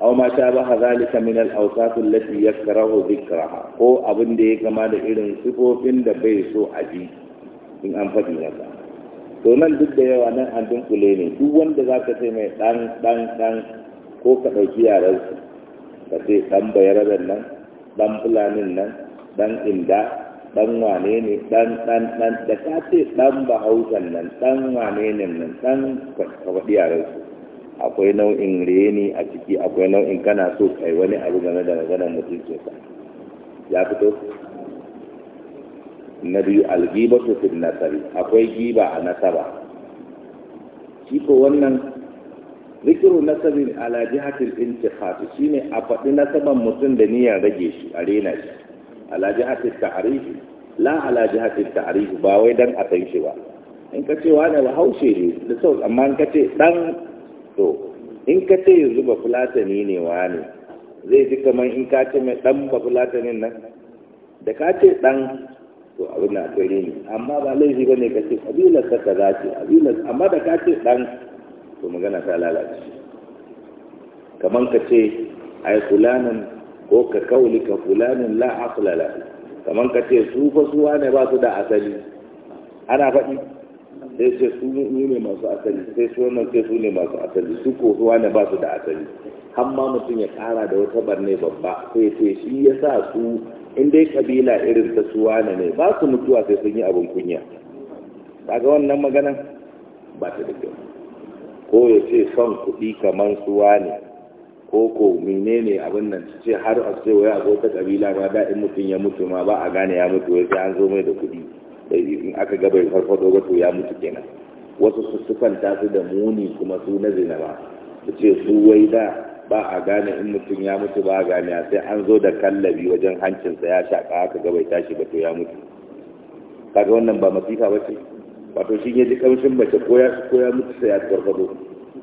au ma ta ba hazalika min al-awsafin allati yakrahu dhikraha ko abin da ya gama da irin sifofin da bai so a ji in an faɗi masa to nan duk da yawa nan an dunkule ne duk wanda za ka ce mai ɗan ɗan ɗan ko ka ɗauki yaransu ka ce ɗan bayaraben nan ɗan fulanin nan dan inda dan wane ne dan dan dan da kace ce dan bahausan nan dan wane ne nan dan kwaɗi yaran su akwai nau'in reni a ciki akwai nau'in kana so kai wani abu game da maganar mutum mutuncinsa ya fito na biyu algiba su fi nasari akwai giba a nasaba shi ko wannan zikiru nasabin ala jihatil intikhas shine a faɗi nasaban mutum da niyyar rage shi a rena shi ala jihati ta'rif la ala jihati ta'rif ba wai dan a shi ba in ka ce wani ba haushe ne da sau amma in ka ce dan to in ka ce yanzu ba fulatani ne wani zai ji kamar in ka ce mai dan ba fulatanin nan da ka ce dan to abin na akwai ne amma ba laifi ba ne ka ce abila ka za ce amma da ka ce dan to magana ta lalace kamar ka ce ai fulanan ko ka ka fulanin la asla la kaman ka ce su fa su wane ba su da asali ana faɗi sai ce su ne masu asali sai su wannan sai su ne masu asali su ko su wane ba su da asali har ma mutum ya ƙara da wata barne babba sai ce shi ya sa su in dai kabila irin ta su wane ne ba su mutuwa sai sun yi abin kunya kaga wannan maganan ba ta da kyau ko ya ce son kuɗi kaman suwa ne. Koko, menene abin nan ce har a ce waya a ta kabila ma da in mutum ya mutu ma ba a gane ya mutu wai sai an zo mai da sai in aka gaba ya farfado ba to ya mutu kenan wasu su ta su da muni kuma su na zina ba su ce su wai da ba a gane in mutum ya mutu ba a gane sai an zo da kallabi wajen hancinsa ya shaka aka gaba ya tashi ba to ya mutu kaga wannan ba masifa ba ce wato shi ne ji kamshin mace ko ya mutu sai ya farfado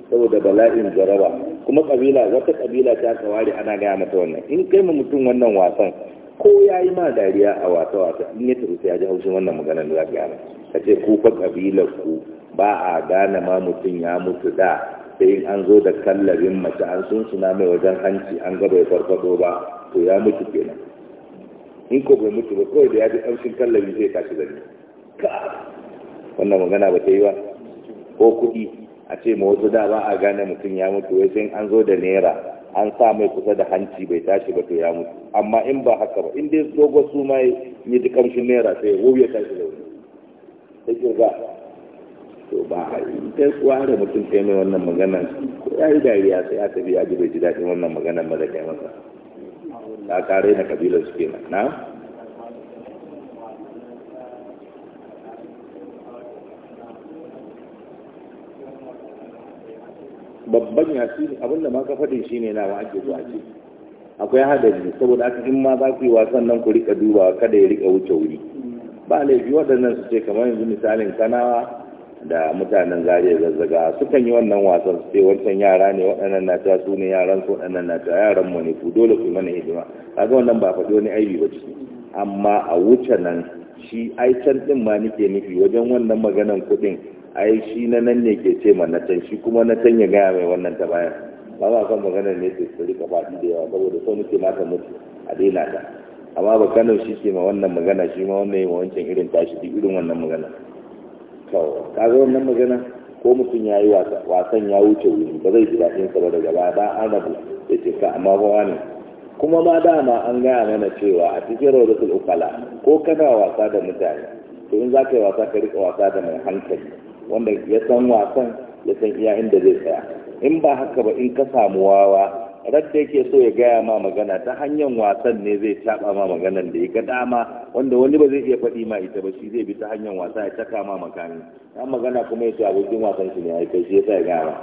saboda bala'in jaraba kuma kabila wata kabila ta kawari ana gaya mata wannan in kai ma mutum wannan wasan ko ya yi ma dariya a wasa wasa in ya tafi ya ji haushin wannan maganar da za ka gane ka ce ku fa kabilar ku ba a gane ma mutum ya mutu da sai an zo da kallabin mace an sun suna mai wajen hanci an gaba ya farfado ba to ya mutu kenan in ko bai mutu ba kawai da ya ji kamshin kallabi zai tashi da ka wannan magana ba ta yi ba ko kuɗi a ce ma wasu da ba a gane mutum ya mutu wai sai an zo da nera, an sa mai kusa da hanci bai tashi ba to ya mutu amma in ba haka ba in dai dogo su ma yi ji kamshin nera sai ya tashi da wuri sai kirga to ba a yi ta tswara mutum sai mai wannan magana ko ya yi dariya sai tafi ya ji bai ji daɗin wannan magana ba da kai masa ta kare na kabilar su kenan na babban yashi abin da maka ka faɗin shi ne nawa ake zuwa ce akwai hadari saboda aka in ma za ku yi wasan nan ku rika dubawa kada ya rika wuce wuri ba laifi waɗannan su ce kamar yanzu misalin kanawa da mutanen zariya zazzaga sukan yi wannan wasan su ce wancan yara ne waɗannan na ta su yaran su waɗannan na ta yaran mu ne ku dole ku mana hidima kaga wannan ba faɗi wani aibi ba ciki amma a wuce nan shi ai ɗin ma nake nufi wajen wannan maganan kuɗin ai shi na nan ne ke ce ma na can shi kuma na can ya gaya mai wannan ta bayan ba ma kan magana ne ta tsari ka faɗi da yawa saboda sau nake ma ta mutu a daina ta amma ba kano shi ke ma wannan magana shi ma wannan yi ma wancan irin tashi duk irin wannan magana to kaga wannan magana ko mutum ya yi wasan ya wuce wuri ba zai ji daɗin sa ba daga baya ba an rabu da ce ka amma ba wani kuma ma dama an gaya mana cewa a cikin rawdatul ukala ko kana wasa da mutane to in za ka yi wasa ka riƙa wasa da mai hankali wanda ya san wasan ya san iya inda zai tsaya in ba haka ba in ka samu wawa da yake so ya gaya ma magana ta hanyar wasan ne zai taba ma maganan da ya ga dama wanda wani ba zai iya faɗi ma ita ba shi zai bi ta hanyar wasa ya caka ma makami dan magana kuma yace abokin wasan shi ne ya kai shi sa ya gaya ma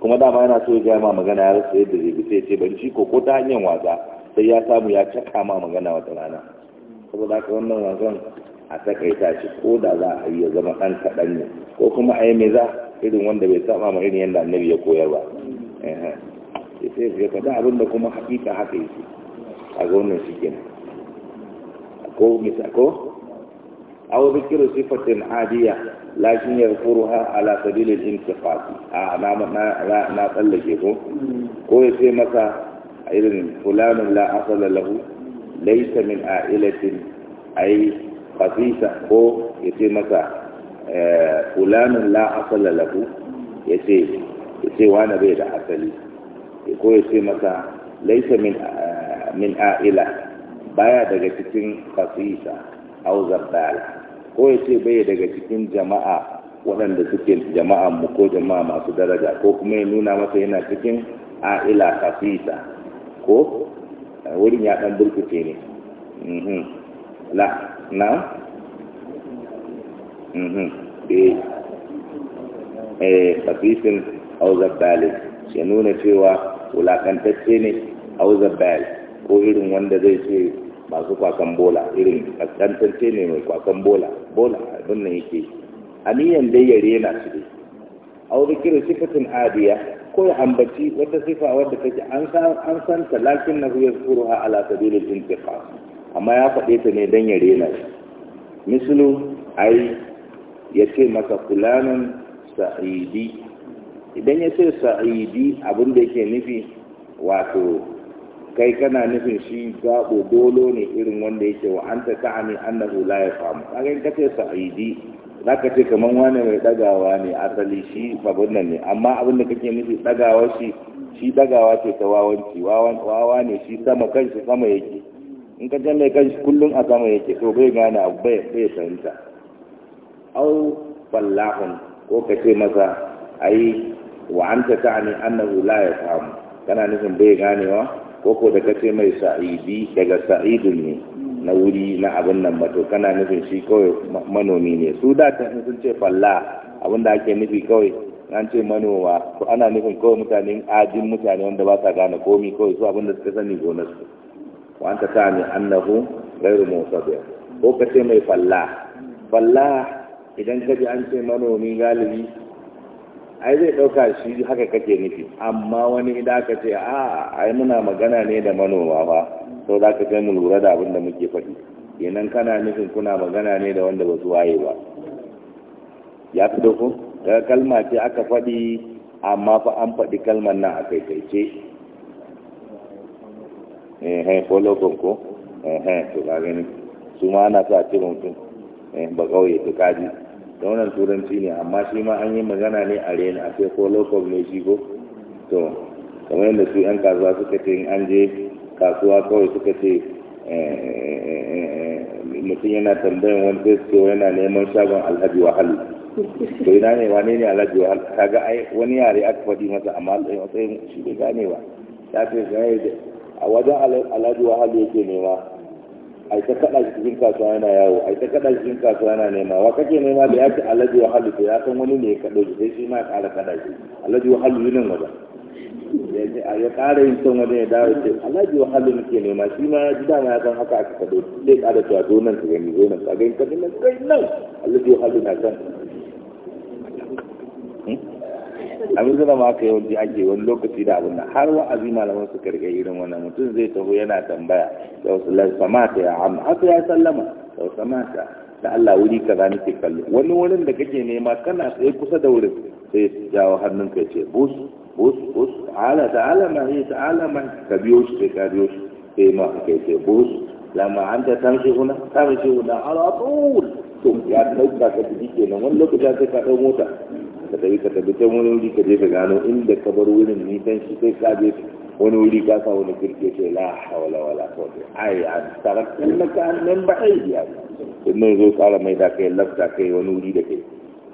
kuma dama yana so ya gaya ma magana ya rasa yadda zai bi sai ce ban shi ko ko ta hanyar wasa sai ya samu ya caka ma magana wata rana saboda haka wannan wasan a takaita shi ko da za a yi ya zama ɗan kaɗan ne ko kuma a yi mai za irin wanda bai saba ma irin yadda annabi ya koyar ba sai sai ya faɗa abin da kuma hakika haka yake a ga wannan shi kenan ko misa ko aw dhikru sifatin adiya lakin yadhkuruha ala sabil intifati a na na na tsallake ko ko ya sai masa irin fulanun la asala lahu laysa min a'ilatin ay Kafisa, ko ya ce masa eh, fulanin la asala lahu ya ce ya ce wani bai da asali ko ya ce masa laisa min eh, a'ila baya daga cikin khafisa au zabbala ko ya ce bai daga cikin jama'a waɗanda suke jama'a mu ko jama'a masu daraja ko kuma ya nuna masa yana cikin a'ila kafisa ko eh, wurin ya ɗan burkuce ne mhm. la na? ɗaya, mhm. eh. eh, kafisin auzar bali ya nuna cewa wulakantacce ne auzar bali ko irin wanda zai ce masu kwakan bola irin kaskantacce ne mai kwakan bola bola abin nan yake aniyan dai ya rena shi dai aure kira sifatin adiya ko ya ambaci wata sifa wadda take an san ta lakin na huyar furuha ala sabilil intiqam amma ya faɗe ta ne don ya rena mislu ai ya ce masa fulanin sa'idi idan ya ce sa'idi abinda yake nufi wato kai kana nufin shi gaɓo dolo ne irin wanda yake wa an ta an na hula ya famu kaga ka ce sa'idi za ka ce kaman wani mai dagawa ne asali shi babban nan ne amma abin da kake nufi dagawa shi shi dagawa ce ta wawanci wawa ne shi sama kan shi sama yake in ka can mai shi kullum a sama yake so bai gane abu bai bai fahimta au fallahun ko ka ce masa ayi wa anta ta'ani annahu la yafhamu kana nufin bai wa ko ko da ka ce mai sa'idi daga sa'idun ne na wuri na abin nan ba to kana nufin shi kawai manomi ne su da in sun ce falla abin da ake nufi kawai an ce manowa. to ana nufin kawai mutane ajin mutane wanda ba sa gane komi kawai su abin da suka sani gonar wa anta ta'ani annahu ghairu musabir ko ka ce mai falla falla idan ka ji an ce manomi galibi ai zai ɗauka shi haka kake nufi amma wani idan aka ce a ai muna magana ne da manoma ba sau za ka mu lura da abin da muke faɗi kenan kana nufin kuna magana ne da wanda ba su waye ba ya fi doko kalma ce aka faɗi amma fa an faɗi kalmar nan a kai kai ce eh ko to ka gani su ma ana sa ce mutum eh ba kauye to kaji da wannan turanci ne amma shi ma an yi magana ne a rena a sai follow ne shi ko to kamar yadda su yan kasuwa suka ce an je kasuwa kawai suka ce eh, eh, eh, mutum yana tambayan wani sai su yana neman shagon alhaji wahalu to ina ne wane ne alhaji wahalu kaga ai wani yare aka faɗi masa amma matsayin shi bai ya ce ga a wajen alhaji wahali yake nema a ita kaɗa shi cikin kasuwa yana yawo a ita kaɗa shi cikin kasuwa yana nema wa kake nema da ya ce alhaji wahali to ya san wani ne ya kaɗo shi sai shi ma ya ƙara kaɗa shi alhaji wahali yi nan wajen ya ƙara yin son wani ya dawo ce alhaji wahali muke nema shi ma ya ji dama ya san haka aka kaɗo zai ƙara cewa zo nan ka gani zo nan ka gani ka gani nan alhaji wahali na san abin zana ma aka yawanci ake wani lokaci da abin nan har wa'azi malaman su karɓe irin wannan mutum zai taho yana tambaya da wasu lalsamata ya amma haka ya sallama da wasu mata da Allah wuri kaza nake kallo wani wurin da kake nema kana tsaye kusa da wurin sai ya jawo hannun ya ce bus bus bus ta'ala ta'ala ma ya ta'ala ma ka biyo shi sai ka biyo shi sai ma haka ya ce bus lama an ta tamshi huna tamshi huna ala to ya dauka ka tafi kenan wani lokaci sai ka dau mota ka tafi ka tafi can wani wuri ka je ka gano inda ka bar wurin nisan shi sai ka je wani wuri ka sa wani kirke ce la hawala wala kawai ai a tarakkan na ka nan ba ai biya in nan zo tsara mai da kai lafta kai wani wuri da kai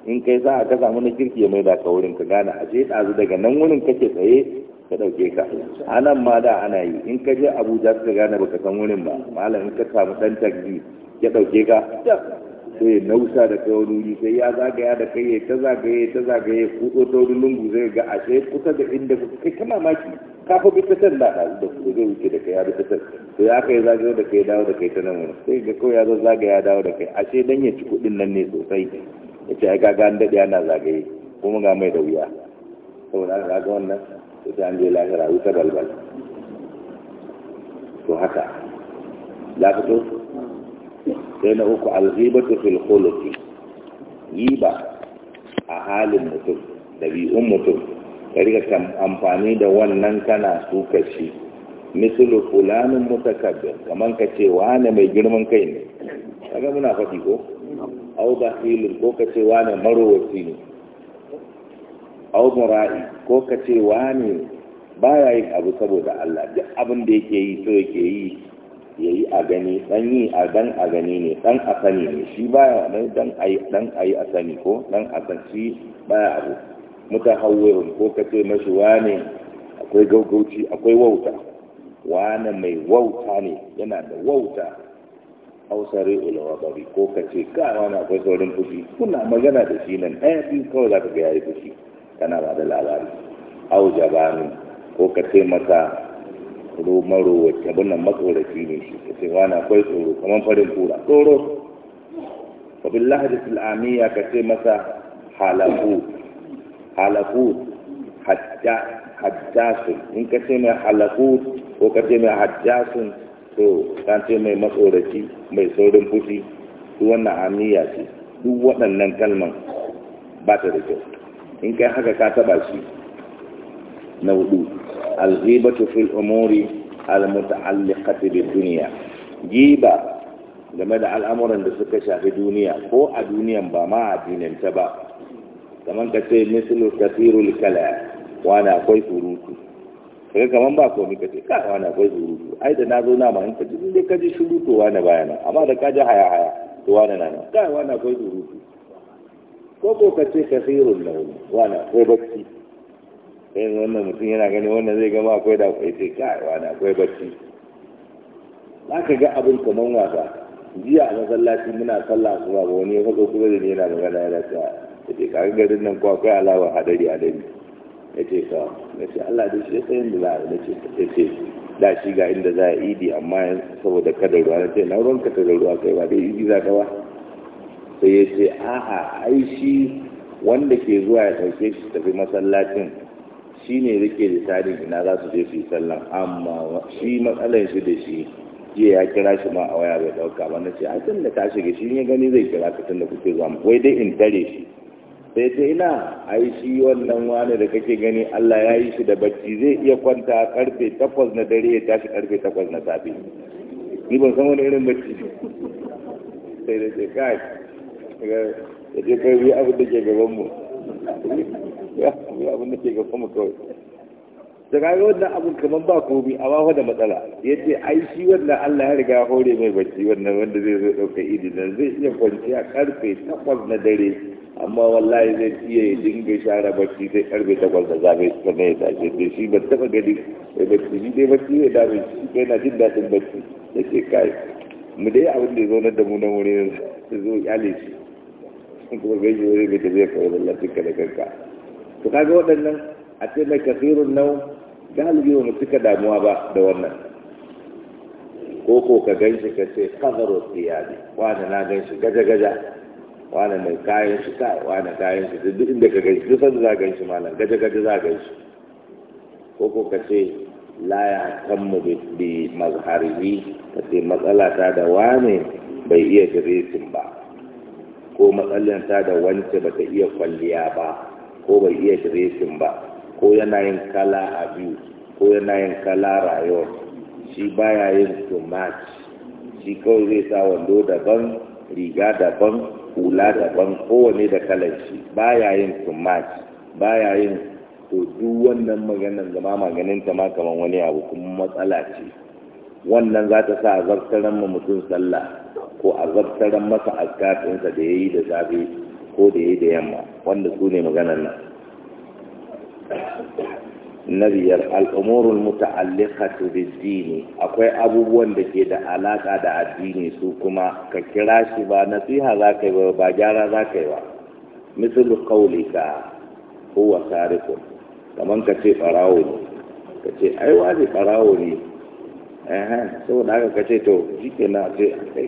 in kai za a ka samu na kirki ya mai da ka wurin ka gane a je ɗazu daga nan wurin kake tsaye ka ɗauke ka a nan ma da ana yi in ka je abuja ka gane baka san wurin ba malam in ka samu ɗan tagzi ya ɗauke ka sai ya nausa da kai sai ya zagaya da kai ta zagaye ta zagaye ku ta wani lungu zai ga a ashe kusa da inda ku kai kana maki ka fa bi ta can da da ku zai wuce da kai ya bi ta can to ya kai zagaya da kai dawo da kai ta nan wani sai ga kawai ya zo zagaya dawo da kai a ashe dan ya ci kuɗin nan ne sosai ya ce ai ga ga dade ana zagaye kuma ga mai da wuya saboda ga ga wannan sai an je lahira wuta balbal to haka lafito sai na uku alghibatu fil khuluqi yiba a halin mutum dabi'un mutum ka riga amfani da wannan kana suka shi misalu fulanin mutakabbir kaman ka ce wane mai girman kai ne kaga muna faɗi ko au bakhilun ko ka ce wane marowaci ne au mura'i ko ka ce wane baya yin abu saboda Allah duk abin da yake yi so yake yi ya yi a gani ɗan yi a dan a gani ne ɗan a sani ne shi baya ne dan a yi dan a a sani ko dan a san shi baya abu muta hawairin ko ka ce mashi wane akwai gaugauci akwai wauta wane mai wauta ne yana da wauta hausare ulawabari ko ka ce ka wani akwai saurin fushi kuna magana da shi nan ɗaya biyu kawai za ka ga ya yi fushi kana ba da labari au jabanu ko ka ce masa tsoro marowaci abin nan matsoraki ne shi ta ce wani akwai tsoro kamar farin kura tsoro wa lahadi sulami ya ka ce masa halafu halafu hatta hajjasun in ka ce mai halafu ko ka ce mai hajjasun to ka ce mai matsoraki mai saurin fushi duk wannan amiya ce duk waɗannan kalman ba ta da kyau in kai haka ka taba shi na hudu alghibatu fil umuri almuta'alliqati bid dunya giba game da al'amuran da suka shafi duniya ko a duniyan ba ma a dinanta ba kamar ka ce mislu kathirul kala wani akwai surutu kaga kaman ba komai kace ka wani akwai surutu ai da nazo na ma in ka ka ji shiru to wani baya amma da ka ji haya haya to wani na wani akwai surutu ko wani sai wannan mutum yana gani wannan zai gama akwai da akwai sai kaiwa da akwai bacci za ka ga abin kamar wasa jiya a masallaci muna sallah kuma ba wani ya faɗo kuma da ni yana magana yana ta ya ce kaga garin nan ko akwai alawar hadari hadari ya ce ka na ce Allah da shi ya tsayin da za a na ce ya ce da shi ga inda za a idi amma saboda kada ruwa na ce na ruwan ka da ruwa kai ba dai idi za ka ba sai ya ce a'a ai shi wanda ke zuwa ya ɗauke shi tafi masallacin shi ne rike tarin ina za su je su yi sallan amma shi matsalar shi da shi jiya ya kira shi ma a waya bai dauka ba na ce a tun da ta shiga shi ya gani zai kira ka tun da kuke zuwa wai dai in tare shi sai ta ina yi shi wannan wani da kake gani Allah ya yi shi da bacci zai iya kwanta karfe takwas na dare ya tashi karfe takwas na safe ni ban san wani irin bacci sai da ce kai ya ce kai biyu abin da ke gaban mu ya abin da ke ga kuma kawai da kaga wannan abin kamar ba komi amma fa da matsala ya ce ai shi wannan Allah ya riga hore mai bacci wannan wanda zai zo ɗauka idi nan zai iya kwanciya karfe takwas na dare amma wallahi zai iya ya dinga share bacci sai karfe takwas da zafi suka na ya tashi da shi ba taɓa gadi, mai bacci shi dai bacci ya dame shi kai na jin daɗin bacci da ce kai mu dai abin da ya zaunar da mu na wuri ya zo ya shi kuma gaishe wani bai tafiya kawai da lafiya da kanka to kaga waɗannan a ce mai kasirun nau galibi wa mutuka damuwa ba da wannan ko ko ka gan shi ka ce kazaro tiyali wani na gan shi gaja-gaja wani mai kayan shi kai wani kayan shi duk inda ka gan shi duk sanda za gan shi malam gaja-gaja za gan shi ko ko ka ce laya kan mu bi mazharihi ka ce matsala ta da wani bai iya jiretin ba ko ta da wance ba ta iya kwalliya ba ko bai iya direshin ba ko yana yin kala a biyu ko yana yin kala rayon shi baya yin too shi kawai zai sa wando daban riga daban hula daban kowane da kalan shi baya yin too much baya yin to duk wannan maganin zama maganin ta ma kamar wani abu kuma matsala ce wannan za ta sa a zartaran mutum sallah ko a zartaran masa azkatinsa da ya yi da zafi ko da yi da yamma wanda su ne maganar nan na biyar al'umurul muta'alliqatu bid-dini akwai abubuwan da ke da alaka da addini su kuma ka kira shi ba nasiha za ka yi ba ba gyara za ka yi ba misal qaulika huwa sariqun kaman ka ce farawo ne ka ce ai wani farawo ne eh saboda haka ka ce to shikenan sai kai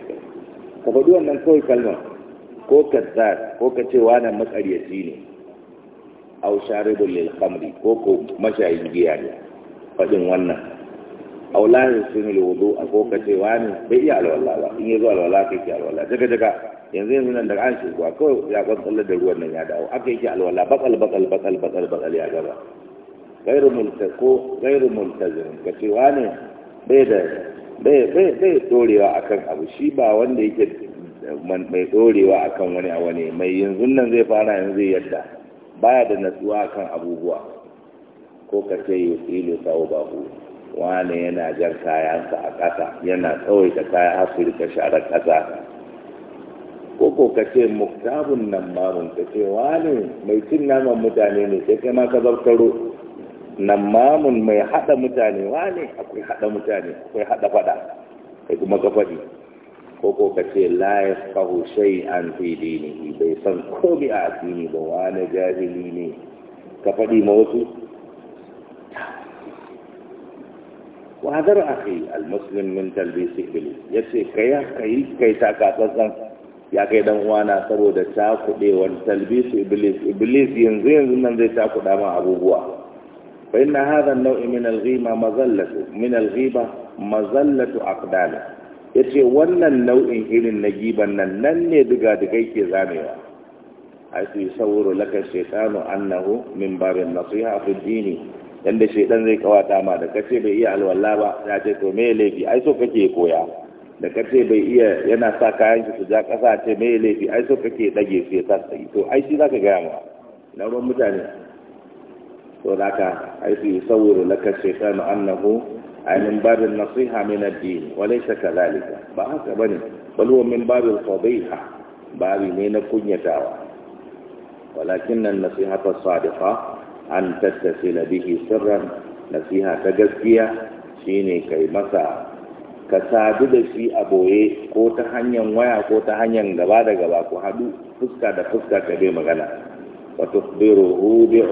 ka faɗi wannan kawai kalmar ko kazzar ko ka ce wani makaryaci ne au sharibul lil khamri ko ko mashayin giya ne fadin wannan au la yusimul wudu ko ka ce ne bai iya alwala ba in yazo alwala kai ki alwala daga daga yanzu yanzu nan daga an shugaba ko ya kwan tsallar da ruwan nan ya dawo aka yi ki alwala bakal bakal bakal bakal bakal ya gaba gairu multako gairu multazim ka ce ne bai da bai bai bai dorewa akan abu shi ba wanda yake mai dorewa akan wani a wani mai yanzu nan zai fara yanzu zai yadda baya da natsuwa akan abubuwa ko ka ce yusilu saubahu wane yana jar kayansa a ƙasa yana da kaya har su rika share ƙasa ko ko ka ce muktabun nan mamun ka ce wane mai cin naman mutane ne sai kai ma ka zartaro nan mamun mai haɗa mutane wane akwai haɗa mutane akwai haɗa faɗa kai kuma ka faɗi ko ko ka ce laye kahushai an fi dini bai san ko bi a dini ba wani jahili ne ka faɗi mawasu wadar a kai almuslim mental basic belief ya ce ka yi kai kai takatsatsan ya kai dan uwana, saboda ta kuɗe wani talbis iblis iblis yanzu yanzu nan zai ta kuɗa ma abubuwa fa ina hadha nau'i min al-ghima mazallatu min al ya ce wannan nau'in irin na giban nan nan ne diga-digai ke zamewa su yi sauro lakar shaitanu annahu min babin yi hafi jini yadda shekan zai kawata ma da kace bai iya alwala ba ya ce to mai laifi ai so kake koya da kace bai iya yana sa kayan shi su ja kasa ce mai laifi ai so kake dage sai ta to ai shi zaka gaya ma na ruwan mutane to zaka haisu yi sauro lakar shaitanu annahu min babin nasiha na biyu wale ta kazalika ba haka ba ne balo min babin ha babi ne na kunyatawa walakin nan nasiha ta sadiqa an tattase na biyu sirran nasiha ta gaskiya shine kai masa ka sadu da shi a boye ko ta hanyar waya ko ta hanyar gaba da gaba ku haɗu fuska da fuska ka bai magana Wato tukbiru hu bi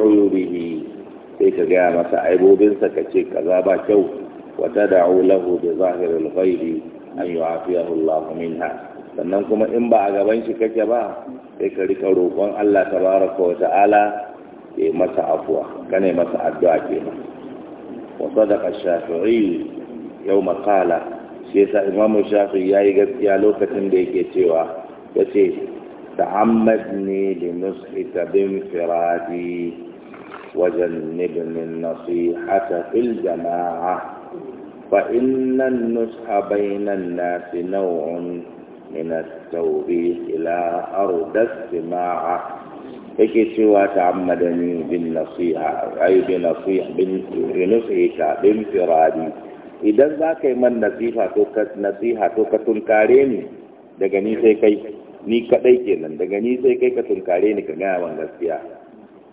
sai ka gaya masa aibobinsa ka ce za ba kyau وتدعو له بظاهر الغيب أن يعافيه الله منها sannan kuma in ba a gaban shi kake ba sai ka rika roƙon Allah tabaraka wa ta'ala ya masa afuwa kana masa addu'a kenan wa sadaqa shafi'i yawma qala shi yasa imamu shafi'i yayi gaskiya lokacin da yake cewa yace ta'ammadni li nushika bin firadi wa jannibni an-nasihata fil jama'ah فإن النسح بين الناس نوع من التوبيخ إلى أرض السماعة yake cewa ta'ammadani bin nasiha ai bin nasiha bin ka bin firadi idan za ka yi man nasiha to ka to ka tunkare ni daga ni sai kai ni kadai kenan daga ni sai kai ka tunkare ni ka gaya man gaskiya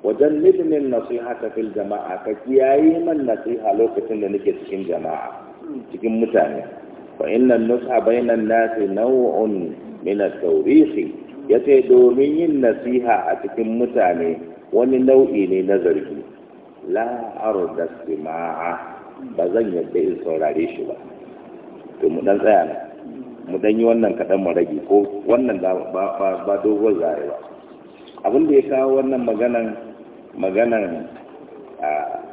wajen nufinin nasiha ta fil jama'a ka kiyaye man nasiha lokacin da nake cikin jama'a cikin mutane fa innan nusha bainan nasi naw'un min at-tawrihi yace domin yin nasiha a cikin mutane wani nau'i ne na zargi la arda sima'a ba zan yadda in saurare shi ba to mu dan tsaya na, mu dan yi wannan kaɗan mu rage ko wannan ba dogon zare ba abin da ya kawo wannan maganan maganan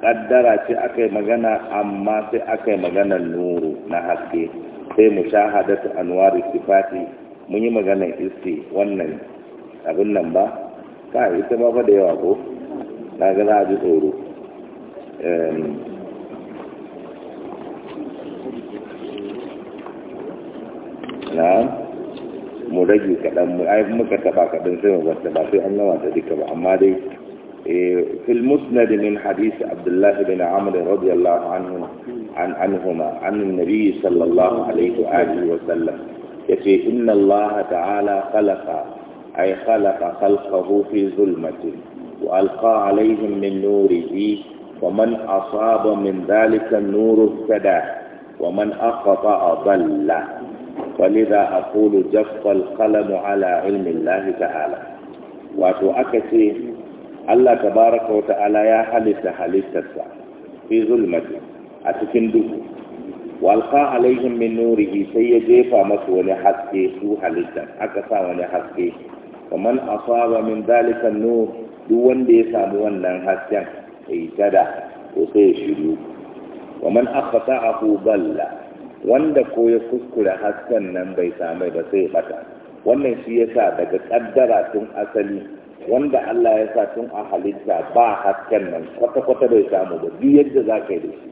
kaddara ce aka yi magana amma sai aka yi maganar nuru na haske sai mu sha hadatu anwari sifati mun yi maganar iske wannan abin nan ba ka ita ba da yawa ko na ga za a ji tsoro na mu rage kaɗan mu ai muka taɓa kaɗan sai mu ba sai an nawa ta duka ba amma dai إيه، في المسند من حديث عبد الله بن عمرو رضي الله عنه عن عنهما عن النبي صلى الله عليه وآله وسلم يتي إن الله تعالى خلق أي خلق خلقه في ظلمة وألقى عليهم من نوره ومن أصاب من ذلك النور اهتدى ومن أخطأ ضل ولذا أقول جف القلم على علم الله تعالى وتؤكد Allah tabaraka wa ta'ala ya halitta halittarsa fi zulmati a cikin duhu walqa alaihim min nurihi sai ya jefa masu wani haske su halitta, aka sa wani haske kaman asaba min zalika nur duk wanda ya sami wannan hasken sai tada ko sai ya shiru kaman akhata'ahu balla wanda ko ya kuskure hasken nan bai samu ba sai bata wannan shi yasa daga ƙaddara tun asali wanda Allah ya sa tun a halitta ba hasken nan kwata-kwata bai samu ba duk yadda za ka yi da shi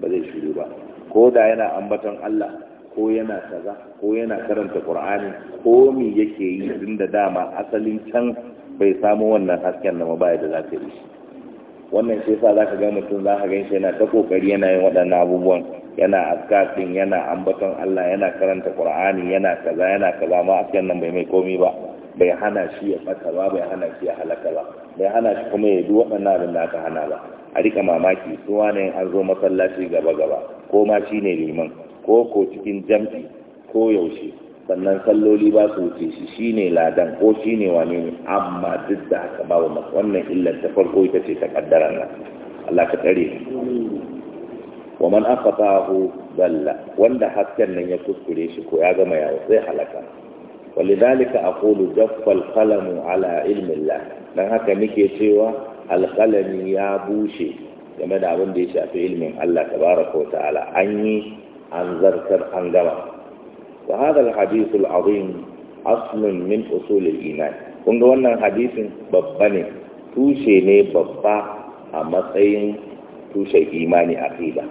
ba zai shiru ba ko da yana ambaton Allah ko yana kaza ko yana karanta Qur'ani ko me yake yi da dama asalin can bai samu wannan hasken nan ba yadda za ka yi shi wannan shi yasa zaka ga mutum zaka gan shi yana ta kokari yana yin waɗannan abubuwan yana askar yana ambaton Allah yana karanta Qur'ani yana kaza yana kaza ma hasken nan bai mai komi ba bai hana shi ya fata ba bai hana shi ya halaka ba bai hana shi kuma ya bi waɗannan abin da aka hana ba a rika mamaki su wane an zo masallaci gaba gaba ko ma shi ne liman ko ko cikin jam'i ko yaushe sannan salloli ba su wuce shi shi ne ladan ko shi ne wane ne amma duk da haka ba wa wannan illar ta farko ita ce ta kaddara nan Allah ka tsare wa man hu dalla wanda hasken nan ya kuskure shi ko ya gama yawo sai halaka walidhalika aqulu jaffa alqalamu ala ilmi Allah dan haka nake cewa alqalami ya bushe game da abin da ya shafi ilmin Allah tabaraka wa ta'ala an yi an zartar an gama wa hadha alhadith alazim aslun min usul aliman kun ga wannan hadisin babba ne tushe ne babba a matsayin tushen imani aqida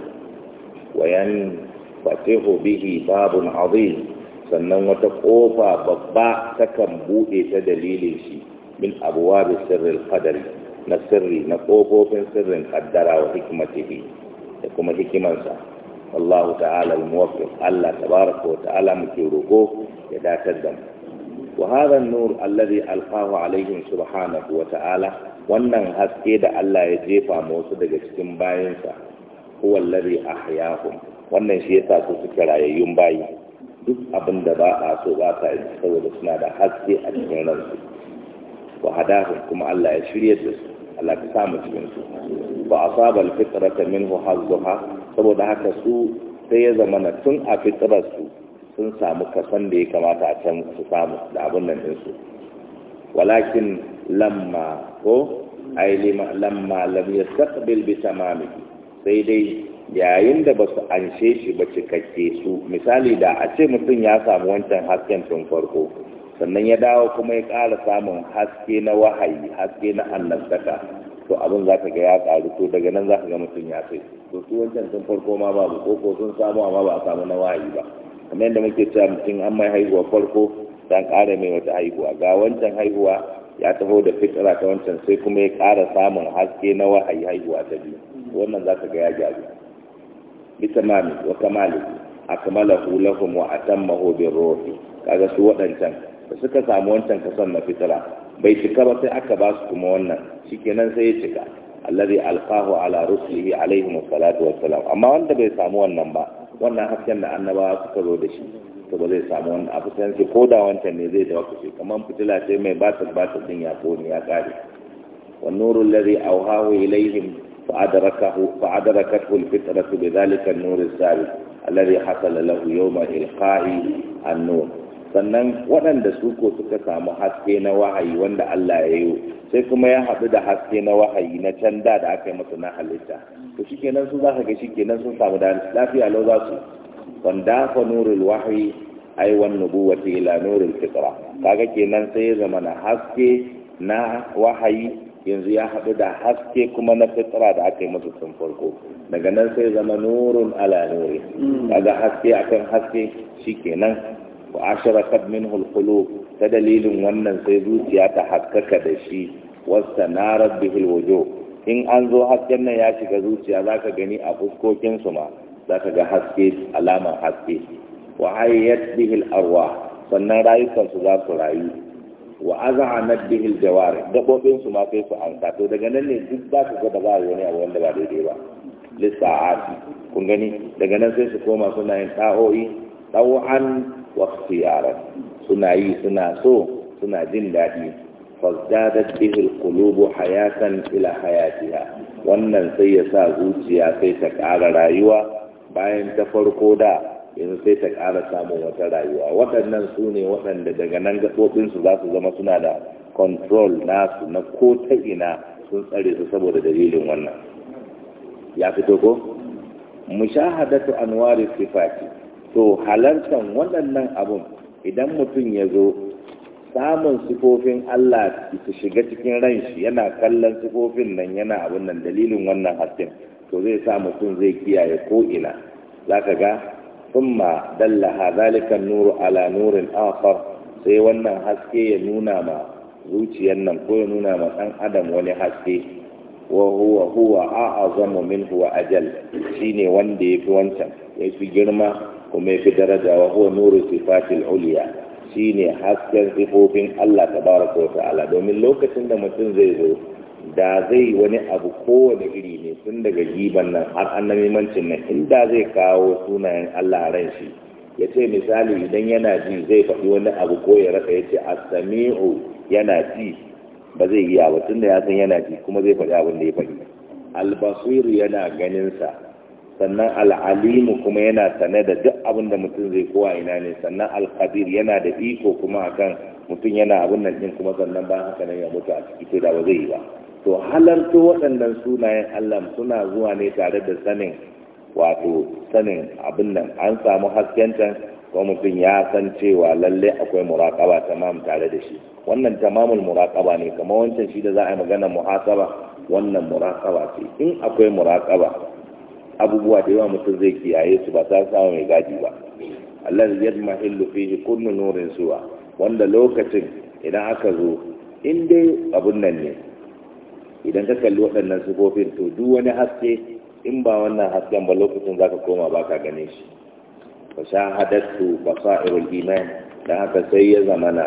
wayan fatihu bihi babun azim sannan wata kofa babba takan buɗe ta dalilin shi min abuwa da sirrin kadari na sirri na kofofin sirrin kaddara wa hikimatihi da kuma hikimansa wallahu ta'ala al-muwaffiq Allah tabaraka wa ta'ala muke roko ya da mu wa hadha an-nur alladhi alqahu alaihim subhanahu wa ta'ala wannan haske da Allah ya jefa musu daga cikin bayinsa huwa alladhi ahyahum wannan shi yasa su suke rayayyun bayi duk abin da ba a so ba ta yi saboda suna da haske a cikin ransu wa hadahum kuma Allah ya shirya da su Allah ka samu cikin su ba a saba alfitrata minhu hazzuha saboda haka su sai ya zama na tun a fitrar su sun samu kasan da ya kamata a can su samu da abin nan din su walakin lamma ko ai lamma lam yastaqbil bi tamamihi sai dai yayin da ba su anshe shi ba cikakke su misali da a ce mutum ya samu wancan hasken tun farko sannan ya dawo kuma ya ƙara samun haske na wahayi haske na annabtaka to abin za ka ga ya ƙaru to daga nan za ka ga mutum ya kai to su wancan tun farko ma babu ko ko sun samu amma ba a samu na wahayi ba kamar yadda muke cewa mutum an mai haihuwa farko dan ƙara mai wata haihuwa ga wancan haihuwa ya taho da fitira ta wancan sai kuma ya ƙara samun haske na wahayi haihuwa ta biyu wannan za ka ga ya gyaru bitamani wa kamalihi akmalahu lahum wa atammahu birruhi kaga su wadancan da suka samu wancan kasan na fitira bai cika ba sai aka ba su kuma wannan shikenan sai ya cika allazi alqahu ala rusulihi alaihim salatu wassalam amma wanda bai samu wannan ba wannan hasken da annabawa suka zo da shi to ba zai samu wannan abu sai ko da wancan ne zai da wakufi kamar fitila sai mai batir batir din ya kone ya kare wa nurul ladhi awhahu ilaihim فأدركه فأدركته الفطرة بذلك النور الثابت الذي حصل له يوم إلقاء النور sannan waɗanda su ko suka samu haske na wahayi wanda Allah ya yi sai kuma ya haɗu da haske na wahayi na can da da aka yi masa na halitta to shikenan su za ka ga kenan sun samu da lafiya lau za su wanda fa nurul wahayi, ai wan nubuwati ila nuril fitra kaga kenan sai ya zama na haske na wahayi yanzu ya haɗu da haske kuma na fitra da aka yi masa tun farko daga nan sai zama nurun ala nuri daga hmm. haske akan haske shikenan wa asharakat kadmin hulhulu ta dalilin wannan sai zuciya ta haskaka da shi wasta narat bihil alwujuh in an zo hasken nan ya shiga zuciya zaka gani a fuskokin su ma zaka ga haske alamar haske wa bihil bihil arwa sannan rayukansu za su rayu wa na bihil aljawari dabobin su ma sai su to daga nan ne duk ba su ga ba wani abu wanda ba daidai ba lisa'ati kun gani daga nan sai su koma suna yin ta'o'i taw'an wa yaran. suna yi suna so suna jin daɗi fazdadat bihi kulubu, hayatan ila hayatiha wannan sai ya sa zuciya sai ta ƙara rayuwa bayan ta farko da yanzu sai ta ƙara samun wata rayuwa waɗannan su ne waɗanda daga nan gaɓoɓinsu za su zama suna da control nasu na ko ta ina sun tsare su saboda dalilin wannan ya fito ko mushahadatu anwari sifati to halartar waɗannan abun idan mutum ya zo samun sifofin Allah su shiga cikin ran shi yana kallon sifofin nan yana abun nan dalilin wannan hasken to zai sa mutum zai kiyaye ko ina za ka ga ثم دل ذلك النور على نور آخر sai wannan haske ya nuna ma zuciyar nan ko ya nuna ma ɗan adam wani haske wa huwa huwa a'azamu minhu wa ajal shine wanda yafi wancan yafi girma kuma yafi daraja wa huwa nuru sifatil uliya shine hasken sifofin Allah tabaraka wa ta'ala domin lokacin da mutum zai zo da zai wani abu kowane iri ne tun daga giban nan har annabimancin nan inda zai kawo sunayen Allah ran shi ya ce misali idan yana ji zai faɗi wani abu ko ya rasa ya ce asami'u yana ji ba zai yi ba tun da ya san yana ji kuma zai faɗi abin da ya faɗi albasiru yana ganin sa sannan al'alimu kuma yana sane da duk abin da mutum zai kowa ina ne sannan alkadir yana da iko kuma akan mutum yana abin nan din kuma sannan ba haka nan ya mutu a ciki da ba zai yi ba to halarta waɗannan sunayen Allah suna zuwa ne tare da sanin wato sanin abin nan an samu hasken can ko mutum ya san cewa lalle akwai muraƙaba tamam tare da shi wannan tamamul muraƙaba ne kamar wancan shi da za a yi magana muhasaba wannan muraƙaba ce in akwai muraƙaba abubuwa da yawa mutum zai kiyaye su ba ta samu mai gadi ba Allah yadma illu fihi kullu nurin suwa wanda lokacin idan aka zo in dai abun nan ne idan ka kalli waɗannan sifofin to duk wani haske in ba wannan hasken ba lokacin za ka koma ba ka gane shi ba sha ba sa basairul iman da haka sai ya zama na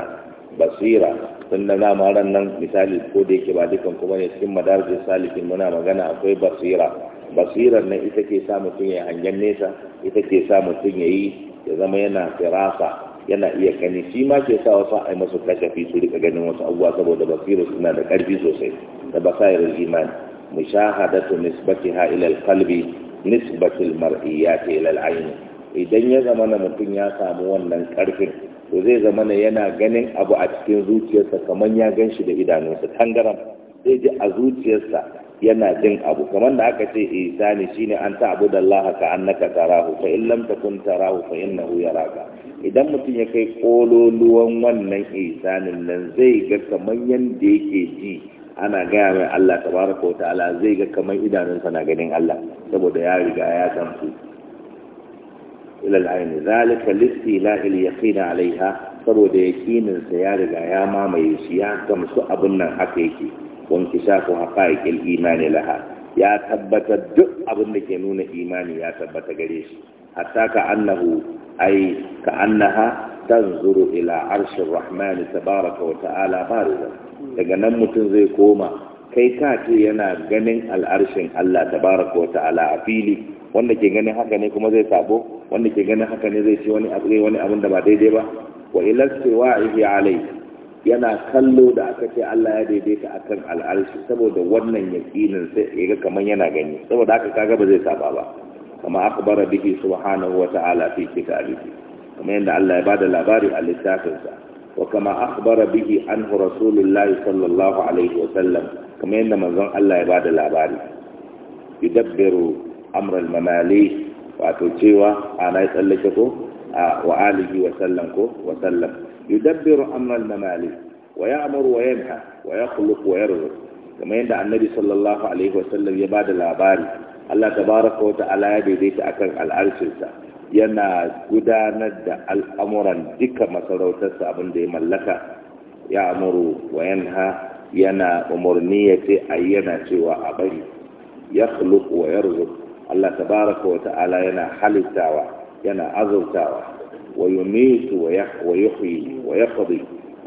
basira za na maran nan misali ko da yake ba dukan kuma ne cikin madarajin salifin muna magana akwai basira basirar nan ita ke sa mutum ya hangen nesa ita ke sa mutum ya yi ya zama yana firasa yana iya gani shi ma ke sa wasu a masu kashafi su rika ganin wasu abubuwa saboda basiru suna da ƙarfi sosai da basayar imani mushahadatu nisbatiha ila alqalbi mariya mar'iyyati ila al'ayn idan ya zama na mutum ya samu wannan ƙarfin to zai zama na yana ganin abu a cikin zuciyarsa kamar ya gan shi da idanunsa tangaram zai ji a zuciyarsa yana jin abu kamar da aka ce isani shine an da Allah ka annaka tarahu fa in lam takun tarahu fa innahu yaraka idan mutum ya kai kololuwan wannan isanin nan zai ga kamar yanda yake ji ana gaya mai Allah tabaraka wa ta'ala zai ga kamar idanunsa na ganin Allah saboda ya riga ya san su ila al-ayn zalika listila al-yaqin alaiha saboda yakinin sa ya riga ya mamaye shi ya gamsu abun nan haka yake wankisafin haƙaƙin imani laha ya tabbata duk abin da ke nuna imani ya tabbata gare shi hatta ka annahu ai ka annaha dan ila arshin rahmani tabaraka wa ta'ala faruwa daga nan mutum zai koma kai ka ce yana ganin al'arshin Allah tabaraka wa ta'ala a fili wanda ke ganin haka ne kuma zai sabo wanda ke ganin haka ne zai ce wani abin da ba daidai ba wa ilar cewa ihe alai yana kallo da aka ce Allah ya daidaita akan al'arshi saboda wannan yaqinin sai ya ga kaman yana gani saboda haka kaga ba zai saba ba kama akhbara bihi subhanahu wa ta'ala fi kitabihi kuma yanda Allah ya bada labari a littafin sa wa kama akhbara bihi an rasulullahi sallallahu alaihi wa sallam kuma yanda manzon Allah ya bada labari yudabbiru amral mamali wato cewa ana tsallake ko wa alihi wa sallam ko wa sallam yudabbiru amral mamali wa ya'muru wa yanha wa yakhluqu wa yarzuq kamar yadda annabi sallallahu alaihi wasallam ya bada labari Allah tabaraka wa ta'ala ya daidaita akan al'arshinsa yana gudanar da al'amuran duka masarautarsa abin da ya mallaka ya amuru wa yanha yana umarni ya ce a yana cewa a bari ya khuluq wa yarzuq Allah tabaraka wata ala yana halittawa yana azurtawa ويميت ويحيي ويقضي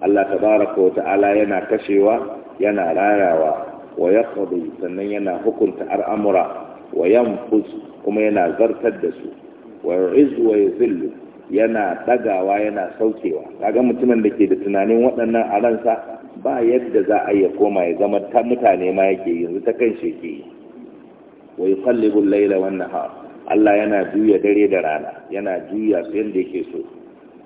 الله تبارك وتعالى ينا كشوا ينا رايوا ويقضي سنن ينا حكمت الأمر وينفذ كما ينا زرتد دسو ويعز ويذل yana ɗagawa yana saukewa kaga mutumin da ke da tunanin waɗannan a ransa ba yadda za a iya koma ya zama ta mutane ma yake yanzu ta kan sheke ke wai kallibul laila wan nahar Allah yana juya dare da rana yana juya su yadda yake so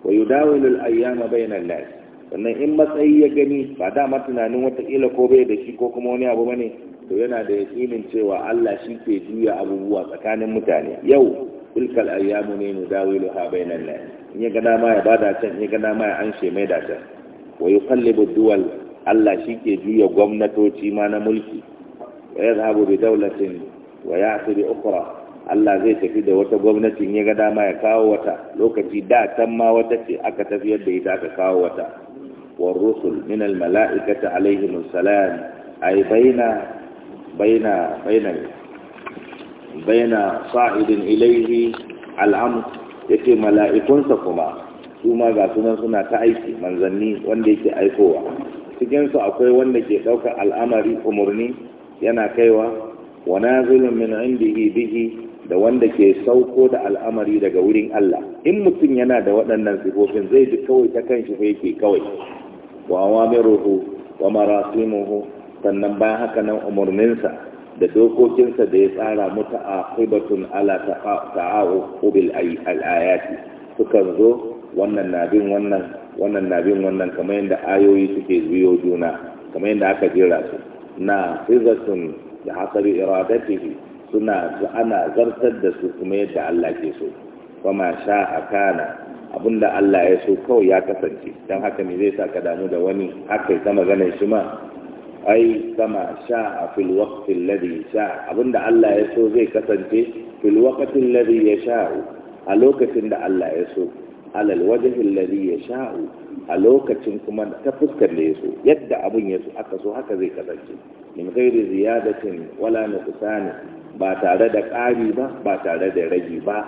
wa yudawilul ayyama bainan nas sannan in matsayi ya gani ba dama tunanin watakila ko bai da shi ko kuma wani abu bane to yana da yakinin cewa Allah shi ke juya abubuwa tsakanin mutane yau tilkal ayyamu ne nudawiluha bainan nas in ya gana dama ya bada can in ya gana dama ya anshe mai da can wa yuqallibu duwal Allah shi ke juya gwamnatoci ma na mulki wa yadhhabu bi dawlatin wa ya'ti bi ukhra Allah zai tafi da wata gwamnatin ya ga dama ya kawo wata lokaci da can ma wata ce aka tafiyar da ita aka kawo wata wa rusul min al mala'ikati alaihim ay baina baina baina baina sa'idin ilaihi mala'ikunsa kuma Suma ma ga sunan suna ta aiki manzanni wanda yake aikowa cikin su akwai wanda ke daukar al'amari umurni yana kaiwa wa nazilun min indihi bihi da wanda ke sauko da al'amari daga wurin Allah in mutum yana da waɗannan sifofin zai ji kawai ta kan shi fa yake kawai wa awamiruhu wa marasimuhu sannan bayan haka nan umarninsa da dokokinsa da ya tsara muta a hibatun ala ta'a'u bil al'ayati suka zo wannan nabin wannan wannan na wannan kamar yadda ayoyi suke biyo juna kamar yadda aka jira su na hizatun da hasari iradatihi suna ana zartar da su kuma yadda Allah ke so kuma sha a kana abinda Allah ya so kawai ya kasance don haka ne zai sa ka damu da wani haka ya sama shi ma ai kama sha a fil waqtin sha abinda Allah ya so zai kasance fil waqtin ya sha'u a lokacin da Allah ya so alal wajhi alladhi a lokacin kuma ta fuskar da ya so yadda abin ya so aka so haka zai kasance min ghairi ziyadatin wala nuqsanin ba tare da ƙari ba ba tare da ragi ba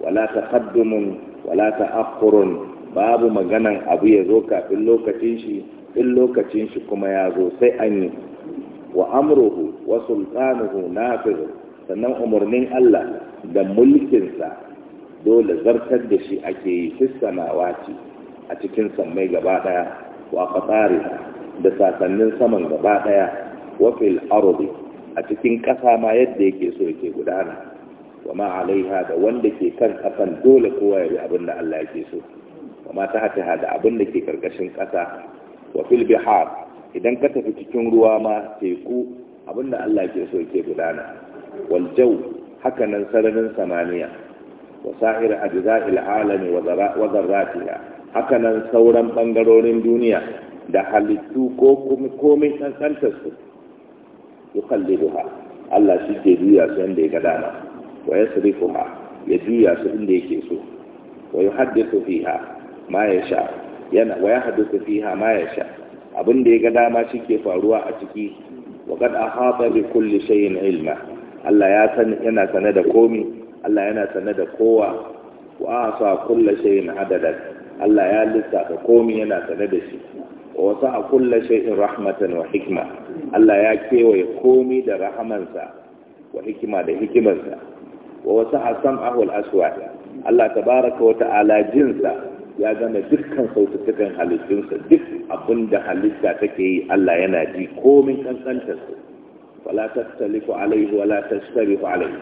wala ta taqaddumun wala ta akurun babu maganan abu ya zo kafin lokacin shi in lokacin shi kuma ya zo sai an yi wa amruhu wa sultanuhu nafiz sannan umarnin Allah da mulkinsa dole zartar da shi ake yi fissamawati a cikin sammai gaba daya wa qatariha da sasannin saman gaba daya wa fil a cikin ƙasa ma yadda yake so yake gudana wa ma alaiha da wanda ke kan ƙasan dole kowa ya bi abin da Allah yake so wa ma ta hata da abin da ke karkashin ƙasa wa fil bihar idan ka tafi cikin ruwa ma teku abin da Allah yake so yake gudana wal jaw haka nan sararin samaniya wa sa'ir ajza'il alami wa zarratiha haka nan sauran bangarorin duniya da halittu ko komai kankantar su yukallibuha Allah shi ke juya su yanda ya ga dama wa yasrifuha ya juya su inda yake so wa yuhaddithu fiha ma yasha yana wa yahdithu fiha ma yasha abin da ya ga dama shi ke faruwa a ciki wa qad ahata bi kulli shay'in ilma Allah ya san yana sane da komi Allah yana sane da kowa wa asa kulli shay'in adada Allah ya lissafa komi yana sane da shi wasu a kulla shai'in rahmatan wa hikima Allah ya kewaye komi da rahamansa wa hikima da hikimansa wa wasu a ahul aswad Allah tabaraka wa ta'ala jinsa ya gama dukkan sautukan halittunsa duk abin da halitta take yi Allah yana ji komin kankantarsa wala tattalifu alaihi wala tashtarifu alaihi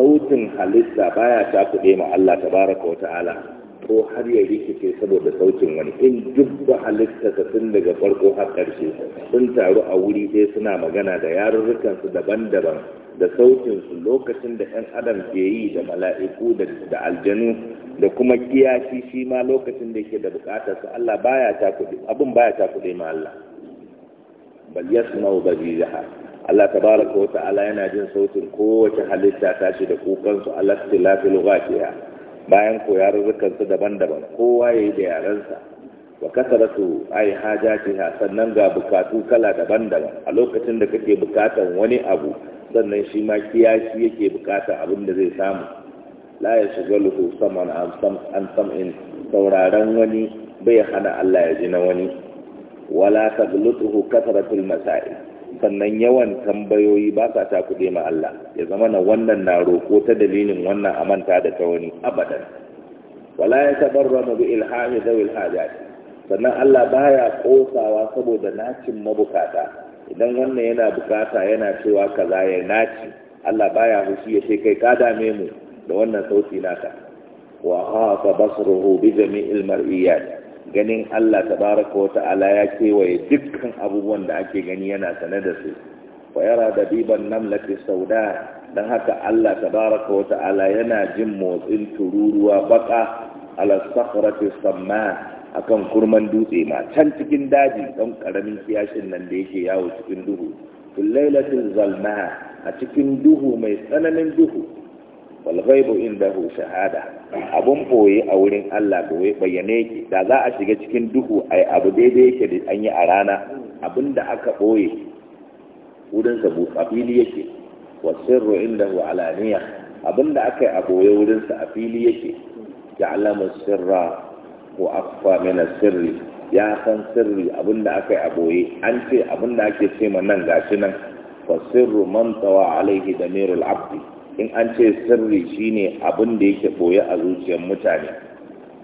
sautin halitta baya ta kuɗe ma Allah tabaraka wa ta'ala ko har ya rikice saboda saukin wani in duk ba ta tun daga farko har ƙarshe sun taru a wuri ɗaya suna magana da yarurrukansu daban-daban da saukinsu lokacin da 'yan adam ke yi da mala'iku da aljanu da kuma kiyashi shi ma lokacin da yake da su Allah baya ta kuɗi abin baya ta kuɗi ma Allah bal yasma'u bazizaha Allah tabaraka wa ta'ala yana jin saukin kowace halitta ta shi da kukansu alastilafi lugatiya bayan ko yarurrukansu daban-daban kowa ya yi da yarensa wa kasaratu ai ha sannan ga bukatu kala daban-daban a lokacin da kake bukatan wani abu sannan shi ma kiyashi yake bukatan abin da zai samu la ya shiga luhu saman an in sauraron wani bai hana Allah ya ji na wani wala taglutuhu kasaratul masail sannan yawan tambayoyi ba sa ta kuɗe ma Allah ya zama na wannan na roƙo ta dalilin wannan a manta da ta wani abadan wala ya tabarra mu bi ilhami da hajat sannan Allah baya ƙosawa saboda nacin mabukata idan wannan yana bukata yana cewa kaza ya naci Allah baya hushi ya ce kai ka dame mu da wannan sauti naka wa hafa basruhu bi jami'il mar'iyat ganin Allah tabaraka wa ta'ala ya kewaye dukkan abubuwan da ake gani yana sane da su wa yara dabiban namlati da, dan haka Allah tabaraka wa ta'ala yana jin motsin tururuwa baka ala sakhrati samma kan kurman dutse ma can cikin daji dan karamin kiyashin nan da yake yawo cikin duhu fil zalma a cikin duhu mai tsananin duhu wal ghaibu indahu shahada abun boye a wurin Allah da wai bayyane ki da za a shiga cikin duhu ai abu daidai yake da an yi a rana abinda aka boye wurin sa bu fili yake wa sirru indahu alaniya abinda aka yi a boye wurin sa a fili yake ya alama sirra wa afa min sirri ya san sirri abinda aka yi a boye an ce abinda ake ce ma nan gashi nan wa sirru man tawa alaihi damirul abdi in an ce sirri shine abin da yake boye a zuciyar mutane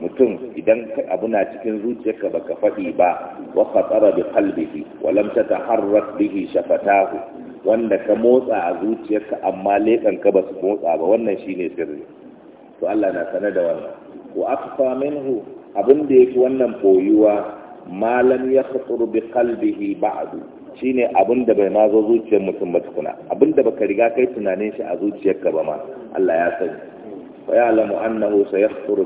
mutum idan abu na cikin zuciyarka baka faɗi ba wa fatara bi qalbihi wa lam tataharrak bihi shafatahu wanda ka motsa a zuciyarka amma lekan ka su motsa ba wannan shine sirri to Allah na sanar da wannan wa aqfa minhu abin da yake wannan boyuwa ma lam yakhtur bi qalbihi ba'du shine abin da bai nazo zo zuciyar mutum ba tukuna abin da baka riga kai tunanin shi a zuciyarka ba ma Allah ya sani fa annahu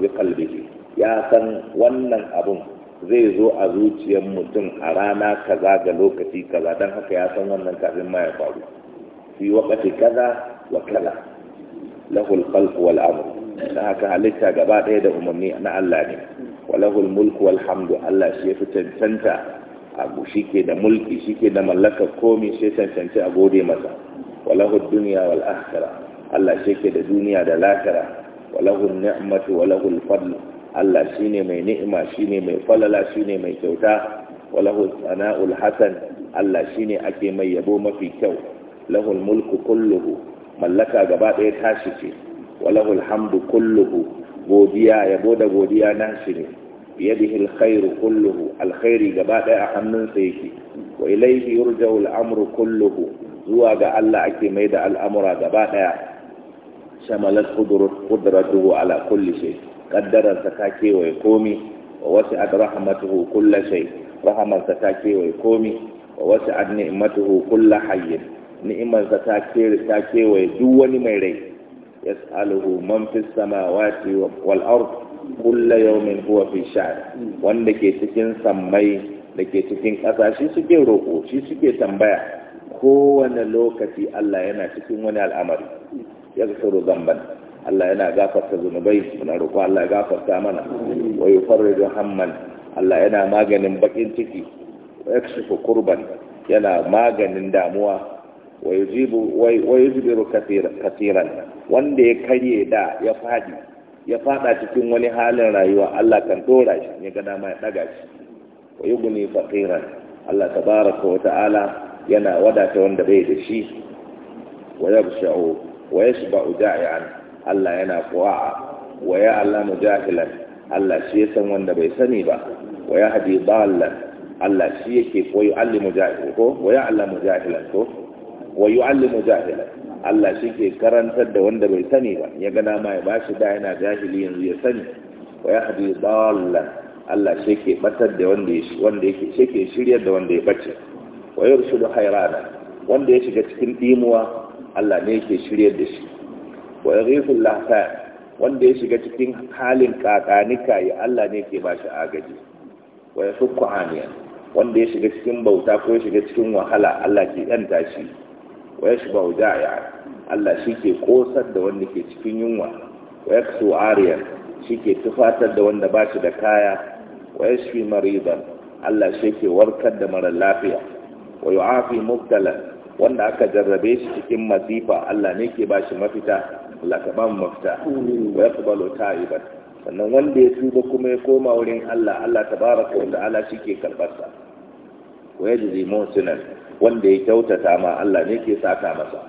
bi qalbihi ya san wannan abun zai zo a zuciyar mutum a rana kaza ga lokaci kaza don haka ya san wannan kafin ma ya faru fi wakati kaza wa kaza lahul khalq wal amr dan haka halitta gaba ɗaya da umarni na Allah ne wa wal hamdu Allah shi ya fi cancanta abu shi ke da mulki shi ke da mallaka komi sai cancanci a gode masa walahun duniya wal akhira Allah shi ke da duniya da lakara walahun ni'matu walahul fadl Allah shi ne mai ni'ima shi ne mai falala shi ne mai kyauta walahul sana'ul hasan Allah shi ne ake mai yabo mafi kyau lahul mulku kulluhu mallaka gaba ɗaya tashi ce walahul hamdu kulluhu godiya yabo da godiya nashi ne بيده الخير كله الخير جباء أحمن سيكي وإليه يرجع الأمر كله زواج الله أكيميد الأمر جباء شملت قدرته على كل شيء قدر سكاكي ويقومي ووسعت رحمته كل شيء رحم سكاكي ويقومي ووسعت نعمته كل حي نعم سكاكي ويقومي ويقومي يسأله من في السماوات والأرض kulla yawmin huwa fi sha'r wanda ke cikin sammai da ke cikin ƙasa shi suke roƙo shi suke tambaya kowane lokaci Allah yana cikin wani al'amari ya zuru zamban Allah yana gafarta zunubai muna roƙo Allah ya gafarta mana wa yufarriju hamman Allah yana maganin bakin ciki wa yakshifu kurban yana maganin damuwa wa yujibu wa yujibiru katiran wanda ya karye da ya fadi ya fada cikin wani halin rayuwa Allah kan dora shi ne ga dama ya daga shi wa yughni faqiran Allah tabaraka wa ta'ala yana wadata wanda bai da shi wa yabsha'u wa yashba'u da'ian Allah yana qawa wa mu jahilan Allah shi ya san wanda bai sani ba wa yahdi dallan Allah shi yake koyo allimu jahilan ko wa mu jahilan ko wa yu'allimu jahilan Allah shi ke karantar da wanda bai sani ba ya gana ma ya shi da yana jahili yanzu ya sani wa ya hadi dallan Allah shi ke batar da wanda wanda yake shi ke shiryar da wanda ya bace wa yurshidu hayrana wanda ya shiga cikin ɗimuwa Allah ne ke shiryar da shi wa yaghifu lahsa wanda ya shiga cikin halin kakanika ya Allah ne yake bashi agaji wa yasukku Kuhaniya wanda ya shiga cikin bauta ko ya shiga cikin wahala Allah ke danta shi wa yashba'u da'iya Allah shi ke kosar da wanda ke cikin yunwa wa yaksu ariyan shi ke tufatar da wanda ba shi da kaya wa yashfi maridan Allah shi ke warkar da mara lafiya wa yu'afi mubtalan wanda aka jarrabe shi cikin masifa Allah ne ke ba shi mafita Allah ka ba mu mafita wa yaqbalu ta'iban sannan wanda ya tuba kuma ya koma wurin Allah Allah tabaraka wa ta'ala shi ke sa wa yajzi muhsinan wanda ya kyautata ma Allah ne ke saka masa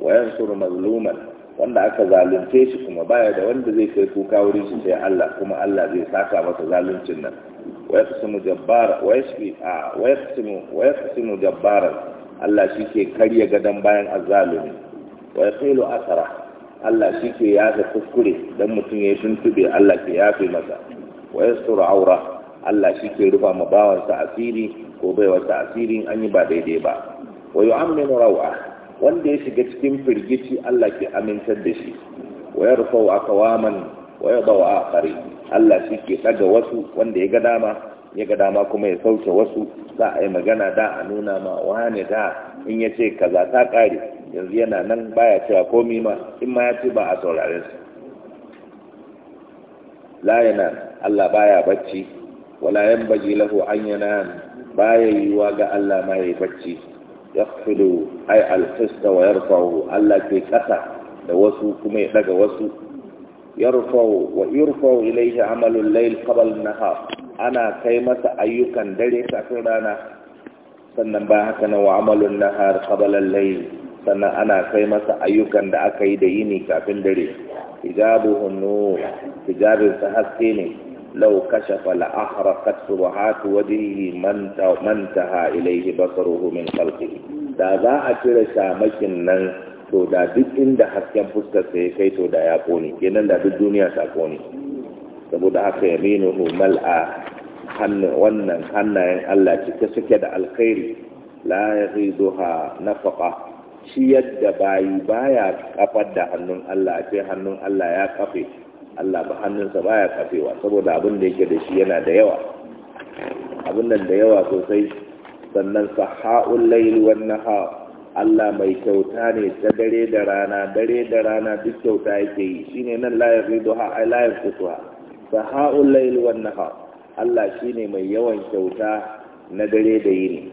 wa yansuru mazluman wanda aka zalunce shi kuma baya da wanda zai kai kuka wurin shi sai Allah kuma Allah zai saka masa zaluncin nan wa yaqsimu jabbara wa yashfi a wa yaqsimu wa yaqsimu jabbara Allah shike karya gadan bayan azzalumi wa yaqilu asara Allah shike yafe kuskure dan mutum ya tuntube Allah ke yafe masa wa yasturu aura Allah shike rufa ma bawansa asiri ko bai wata asirin an yi ba daidai ba wa amin rawa wanda ya shiga cikin firgici Allah ke amintar da shi wa yarfa'u aqwaman wa a kare Allah shi ke daga wasu wanda ya ga dama ya ga dama kuma ya sauke wasu za a yi magana da a nuna ma wane da in ya ce kaza ta kare yanzu yana nan baya cewa komi ma in ma ya ce ba a saurare su la yana Allah baya bacci wala yan baji lahu an yana baya yiwuwa ga Allah ma yayi bacci yaqfidu ay al-qista wa yarfa'u Allah ke kasa da wasu kuma ya daga wasu yarfa'u wa yurfa'u ilayhi amalu al-layl nahar ana kai masa ayyukan dare kafin rana sannan ba haka na wa amalun nahar qabla al-layl sannan ana kai masa ayyukan da aka yi da yini kafin dare hijabuhu nur hijabin sa haske ne لو كشف لأحرقت سبحات وجهه ما انتهى إليه بصره من خلقه da za a cire shamakin nan to da duk inda hasken fuskar sai kai to da ya ƙone, kenan da duk duniya ta kone saboda haka yaminuhu mal'a a wannan hannayen Allah cike suke da alkhairi la zuha nafaƙa shi yadda bayi baya kafar da hannun Allah sai hannun Allah ya kafe Allah ba hannunsa baya kafewa saboda abin da yake da shi yana da yawa abin nan da yawa sosai sannan saha'ul layl wan nahar Allah mai kyauta ne ta dare da rana dare da rana duk kyauta yake yi shine nan la yariduha ay la yafsuha saha'ul layl wan nahar Allah shine mai yawan kyauta na dare da yini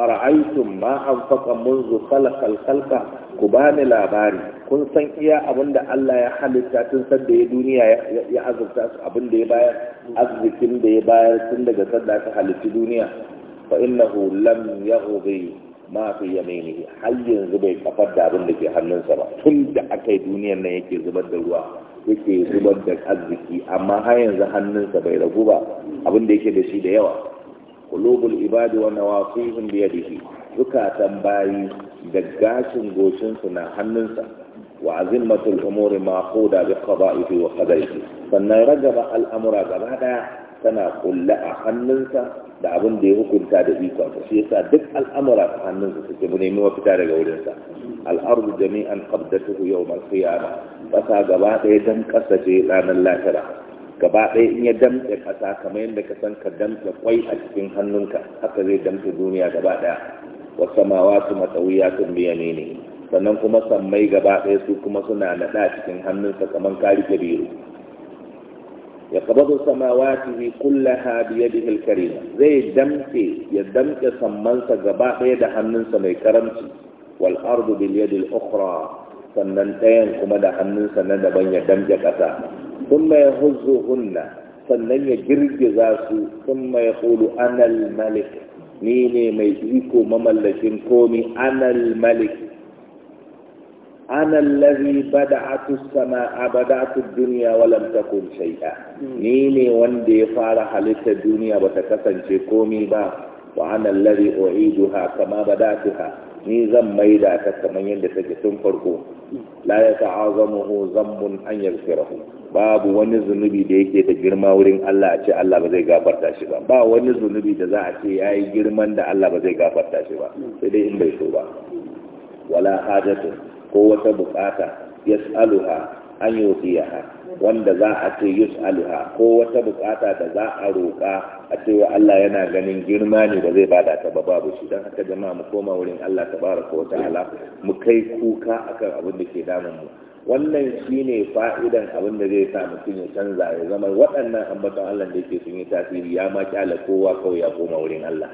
ara'aytum ma anfaqa منذ خلق الخلق ku bani labari kun san iya abin da Allah ya halitta tun da ya duniya ya azurta su abin da ya bayar arzikin da ya bayar tun daga sadda ta halitta duniya fa innahu lam yaghdi ma fi yaminihi har yanzu bai kafar da abin da ke hannunsa ba tun da aka yi duniyar nan yake zubar da ruwa yake zubar da arziki amma har yanzu hannunsa bai ragu ba abin da yake da shi da yawa qulubul ibadi wa nawasihim bi yadihi zukatan bayi da gashin goshinsu na hannunsa وعزمة الأمور معقودة بقضائه وقدره فإن رجب الأمر جبادا فانا قل لا أخننسا دا أبن دي هكو تاد إيكو فشيسا دك الأمر أخننسا سيبني مو فتارة قولنسا الأرض جميعا قبضته يوم القيامة فسا جبادا دم كسجي لان الله شرح جبادا إن يدم كسا كمين بكسان كدم كوي أكسين هننكا حتى دي دم في دنيا جبادا والسماوات متويات بيمينه sannan kuma sammai gaba ɗaya su kuma suna naɗa cikin hannunsa kamar kari kabiru ya kulla samawatihi kullaha biyadihi alkarima zai damke ya damke sammansa gaba ɗaya da hannunsa mai karamci wal ardu bil yadi ukhra sannan ɗayan kuma da hannunsa na daban ya damke ƙasa thumma yahuzzuhunna sannan ya girgiza su sun mai ana anal malik ni ne mai iko mamallakin komi anal malik ana allazi bada'atu a bada'atu duniya wa ta takun shay'a ni ne wanda ya fara halitta duniya ba ta kasance komi ba wa ana allazi ha kama ha ni zan mai da ta kamar yadda take tun farko la yata'azamuhu zambun an yaghfirahu babu wani zunubi da yake da girma wurin Allah a ce Allah ba zai gafarta shi ba ba wani zunubi da za a ce yayi girman da Allah ba zai gafarta shi ba sai dai in bai so ba wala hajatun ko wata bukata yas'aluha an yudiyaha wanda za a ce yus'aluha ko wata bukata da za a roƙa a cewa Allah yana ganin girma ne ba zai bada ta ba babu shi dan haka jama'a mu koma wurin Allah tabaraka wa ta'ala mu kai kuka akan abin da ke damun mu wannan shine fa'idan abin da zai sa mutum ya canza ya zama waɗannan ambaton Allah da yake sun yi tasiri ya ma kyala kowa kawai ya koma wurin Allah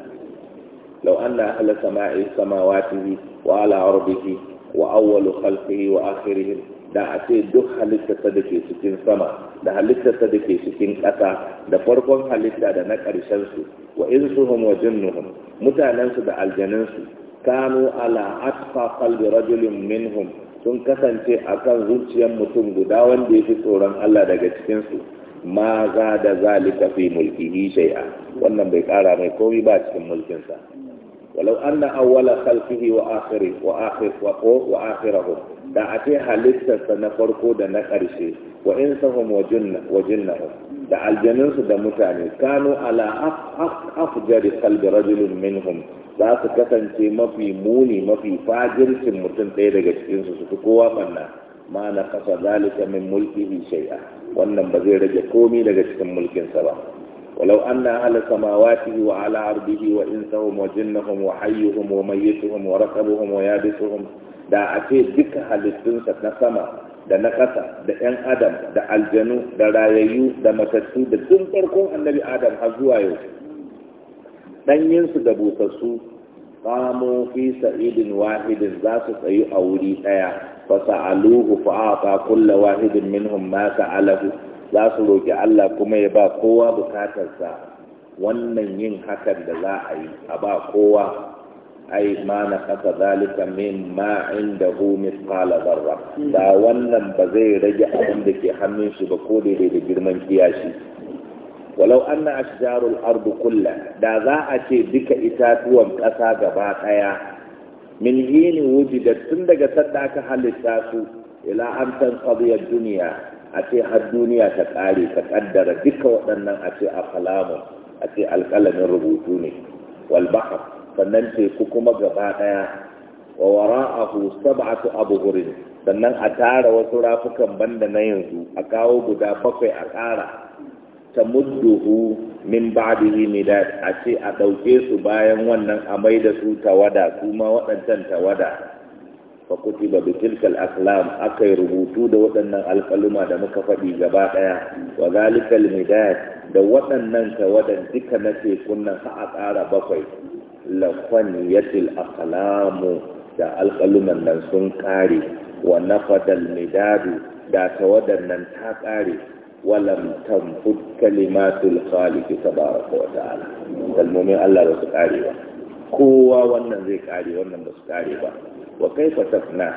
law anna ala sama'i samawatihi wa ala wa awwalu khalqihi wa akhirihim da a ce duk halittarsa da ke cikin sama da halittarsa da ke cikin ƙasa da farkon halitta da na ƙarshensu wa insuhum wa jinnuhum mutanensu da su kanu ala atfa qalbi rajulin minhum sun kasance akan zuciyar mutum guda wanda ya fi tsoron Allah daga cikinsu ma za da zalika fi mulkihi shay'a wannan bai kara mai komai ba cikin mulkinsa walau anna awwala khalqihi wa akhiri wa akhir wa wa akhirahu da ace halittarsa na farko da na karshe wa sahum wa jinna wa jinnahu da aljanunsu da mutane kanu ala afjari qalbi rajulin minhum za su kasance mafi muni mafi fajircin mutum ɗaya daga cikinsu su fi kowa banna ma na kasa zalika min mulkihi shay'a wannan ba zai rage komi daga cikin mulkinsa ba ولو أن أهل سماواته وعلى عرضه وإنسهم وجنهم وحيهم وميتهم ورقبهم ويابسهم دا أتي دك halittunsa na sama da na ƙasa da 'yan adam da aljanu da rayayyu da matattu da tun farkon annabi adam har zuwa yau ɗanyinsu da busassu kamo fi sa'idin wahidin za su tsayu a wuri ɗaya fasa aluhu fa'ata kulla wahidin minhum ma alahu. za su roƙi Allah kuma ya ba kowa bukatarsa wannan yin hakan da za a yi a ba kowa ai ma na kasa zalika min ma inda hu misqala zarra da wannan ba zai rage abin da ke hannun shi ba ko daidai da girman kiyashi walau anna ashjarul ardu kullah da za a ce duka itatuwan ƙasa gaba ɗaya min hini da tun daga sadda aka halitta su ila an tanqadiya duniya a ce har duniya ta ƙare ka ƙaddara duka waɗannan a ce a akalamun a ce alƙalamin rubutu ne walbaha sannan ku kuma gaba ɗaya wa wara'ahu abu abhurin sannan a tara wasu rafukan banda na yanzu a kawo guda bakwai a ƙara ta mudduhu min ne da, a ce a ɗauke su bayan wannan a mai da su tawada su waɗancan tawada fa kutiba bi tilka aka yi rubutu da waɗannan alƙaluma da muka faɗi gaba ɗaya wa zalika midad da waɗannan tawadan duka na tekun nan a ƙara bakwai lafaniyatil aqlamu da alƙaluman nan sun ƙare wa nafadal midadu da tawadan nan ta ƙare walam tanfud kalimatul khaliq tabaraka wa ta'ala kalmomin Allah ba su ƙare ba kowa wannan zai ƙare wannan ba su ƙare ba wa fa tafna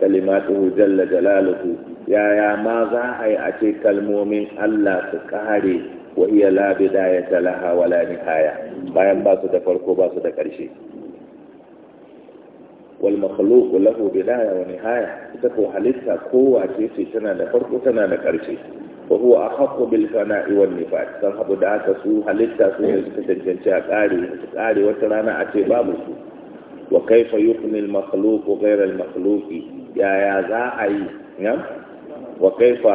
kalimatuhu jalla jalaluhu yaya ma za a yi a ce kalmomin Allah su kare wa iya la bidayata laha wala nihaya bayan ba su da farko ba su da ƙarshe wal makhluq lahu bidaya wa nihaya ita ko halitta kowa ce ce tana da farko tana da ƙarshe fa huwa ahaqqu bil fana'i wan nifat san habu da haka su halitta su ne suka tantance a kare su kare wata rana a ce babu su وكيف يقني المخلوق غير المخلوق يا يا ذا أي نعم وكيف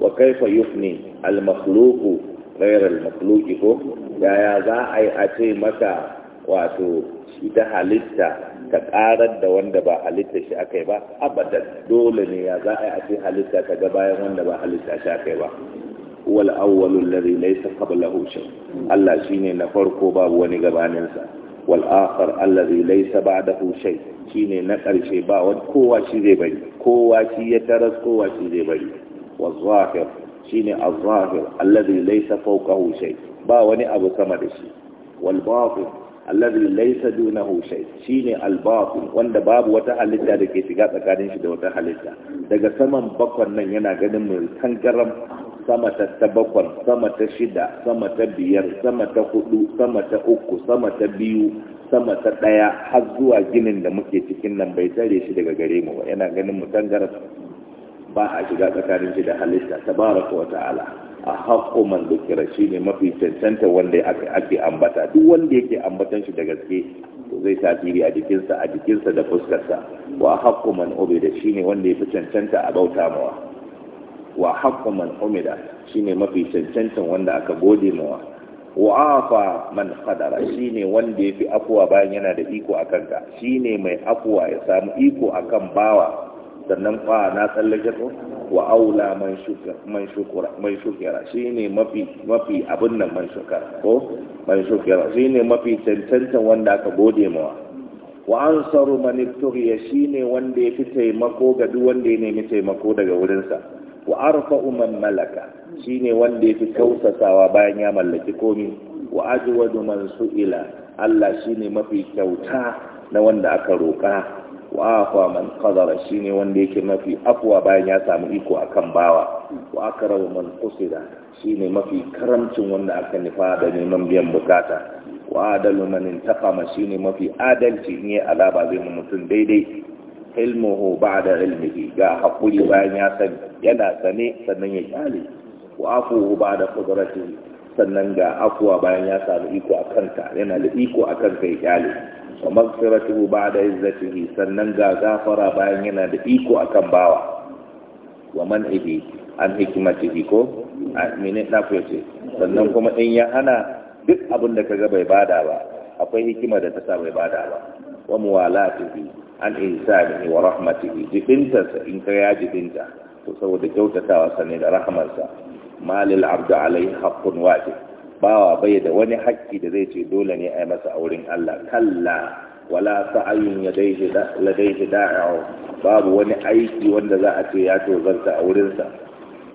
وكيف يقني المخلوق غير المخلوق يا يا ذا أي أتي متى واتو ita halitta ta karar da wanda ba halitta shi aka yi ba abadan dole ne ya za a yi a ce halitta ta ga bayan wanda ba halitta shi aka yi ba wal awwalul ladhi laysa qablahu shay Allah shine na farko babu wani gabaninsa wal’afar allari laisa ba da hushai shi ne na ƙarshe ba zai bari kowa shi ya taras kowa shi zai bari wazwafir shi ne a zafir allari laisa fauka hushai ba wani abu kama da shi walbafir allari laisa duna hushai shi ne albafir wanda babu wata halitta da ke shiga tsakanin shi da wata halitta daga saman bakon nan yana ganin mai tangaram sama ta ta sama ta shida sama ta biyar sama ta hudu sama ta uku sama ta biyu sama ta ɗaya har zuwa ginin da muke cikin nan bai tare shi daga gare mu ba yana ganin mu tangaras ba a shiga tsakanin shi da halitta tabaraka wa ta'ala a haƙƙo man kira shi ne mafi cancanta wanda ake ambata duk wanda yake ambatan shi da gaske to zai tasiri a jikinsa a jikinsa da fuskarsa wa haƙƙo man obe da shi ne wanda ya fi cancanta a bauta mawa wa haqqu man umida shine mafi cancantan wanda aka gode mawa wa afa man qadara shine wanda yafi afuwa bayan yana da iko akan ka shine mai afuwa ya samu iko akan bawa sannan fa na tsallake to wa aula man shukra man shukra man shukra shine mafi mafi abin nan man shukra ko man shukra shine mafi cancantan wanda aka gode mawa wa ansaru man ibtughiya shine wanda ya fi taimako ga duk wanda ya nemi taimako daga wurinsa wa arfa man malaka shine wanda yafi kausasawa bayan ya mallaki komi wa ajwadu man su'ila Allah shine mafi kyauta na wanda aka roka wa afa man qadara shine wanda yake mafi afwa bayan ya samu iko a kan bawa wa akramu man shi shine mafi karamcin wanda aka nufa da neman biyan bukata wa adalu man intaqama shine mafi adalci ne alaba zai mu mutum daidai ilmuhu ba'da ilmihi ga hakuri bayan ya sani yana sane sannan ya kyale wa afuhu ba'da qudratihi sannan ga afuwa bayan ya samu iko a kanka yana da iko a kanka ya kyale wa maghfiratuhu ba'da izzatihi sannan ga gafara bayan yana da iko akan bawa wa man'ihi an hikimatihi ko a minin na fiye sannan kuma in ya hana duk abin da kaga bai bada ba akwai hikima da ta sa bai bada ba wa muwalatihi an ihsanihi wa rahmatihi jibintarsa in ka ya jifinta, to saboda kyautatawa sa ne da rahamarsa malil abdu alai haqqun wajib bawa bai da wani haƙƙi da zai ce dole ne a yi masa auren Allah kalla wala sa'ayun ladaihi da'a'u babu wani aiki wanda za a ce ya tozarta a wurinsa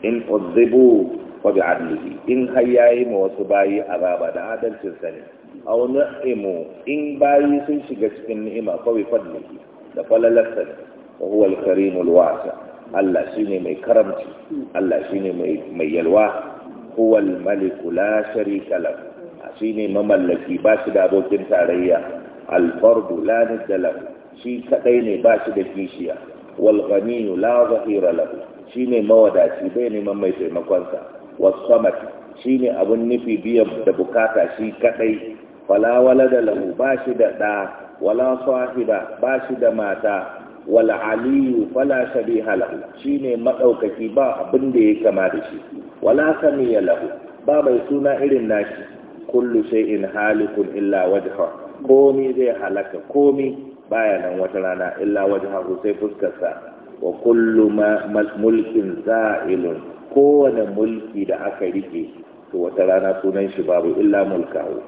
in uzibu wa bi adlihi in har yayi ma wasu bayi azaba da adalcin sa ne aw na'imu in bayi sun shiga cikin ni'ima fa bi fadlihi da falalarsa ne wa huwa karimul wasa Allah shine mai karamci Allah shine mai mai yalwa huwa al-malik la sharika lahu shine mamallaki ba shi da abokin tarayya al-fardu la nidda lahu shi kadai ne ba shi da kishiya wal ghaniyu la zahira lahu shine mawadaci bai neman mai taimakon sa. was samad shine abun nufi biyan da bukata shi kadai fala walada lahu ba shi da da wala sahiba ba shi da mata wala aliyu fala shabiha lahu shine madaukaki ba abin da ya kama da shi wala samiya lahu ba bai suna irin nashi kullu shay'in halikun illa wajha komi zai halaka komi baya nan wata rana illa wajhahu sai fuskarsa wa kullu ma mulkin za'ilun kowane mulki da aka rike to wata rana sunan shi babu illa mulkahu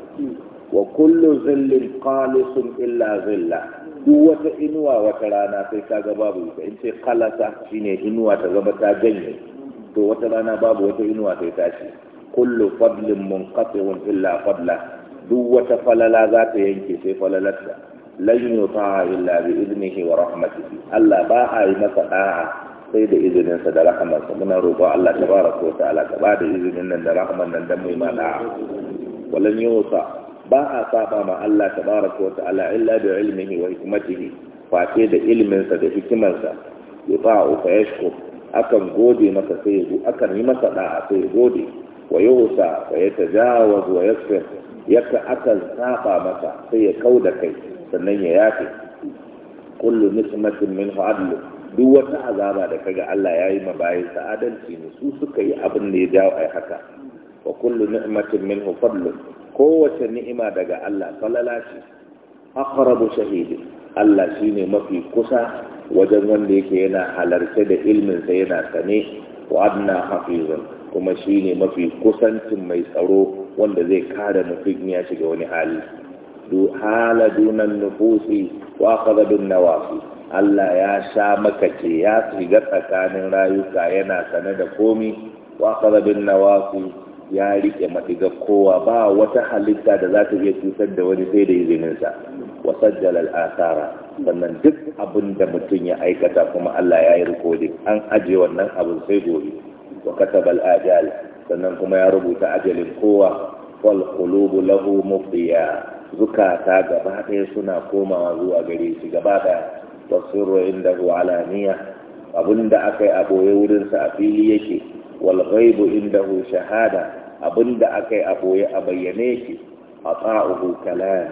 wa kullu zillin qalisun illa zilla duk wata inuwa wata rana sai ga babu ita in ce shine inuwa ta zama ta janye to wata rana babu wata inuwa sai ta ce kullu fadlin munqati'un illa fadla duk wata falala za ta yanke sai falalarta lan yuta illa bi idnihi wa rahmatihi Allah ba a yi masa da'a sai da izininsa da rahamarsa muna roƙo Allah tabaraka wa ta'ala ka ba da izinin nan da rahamar nan dan mu imana walan yusa ba a saba ma Allah ta tabaraka wa ta'ala illa bi ilmihi wa hikmatihi face da ilminsa da hikimarsa yuta'u ya yashkur akan gode masa sai akan yi masa da'a sai gode wa yusa ya yatajawaz wa yasfir yaka akan saba masa sai ya kauda kai sannan ya yafe kullu nismatin minhu adlu duk wata azaba da kaga Allah ya yi mabayin sa'adanci ne su suka yi abin da ya jawo ai haka wa kullu ni'matin minhu fadlun kowace ni'ima daga Allah falala shi, aqrabu shahidi Allah shine mafi kusa wajen wanda yake yana halarce da ilmin sa yana sane wa adna hafizun kuma shine mafi kusancin mai tsaro wanda zai kare mutum ya shiga wani hali du hala dunan nufusi wa akhadha bin nawafi Allah ya sha maka ke ya shiga tsakanin rayuka yana sane da komi wa akhadha bin nawafi ya rike madigar kowa ba wata halitta da za ta iya cutar da wani sai da izininsa wa al-asara sannan duk abin da mutum ya aikata kuma Allah ya yi rikodin an aje wannan abin sai gobe wa al-ajal sannan kuma ya rubuta ajalin kowa wal qulubu lahu mufdiya zukata gaba ɗaya suna komawa zuwa gare shi gaba ɗaya wasirru indahu alaniya abinda akai a boye wurinsa a fili yake wal ghaibu indahu shahada abinda akai a boye a bayyane shi ata'uhu kalam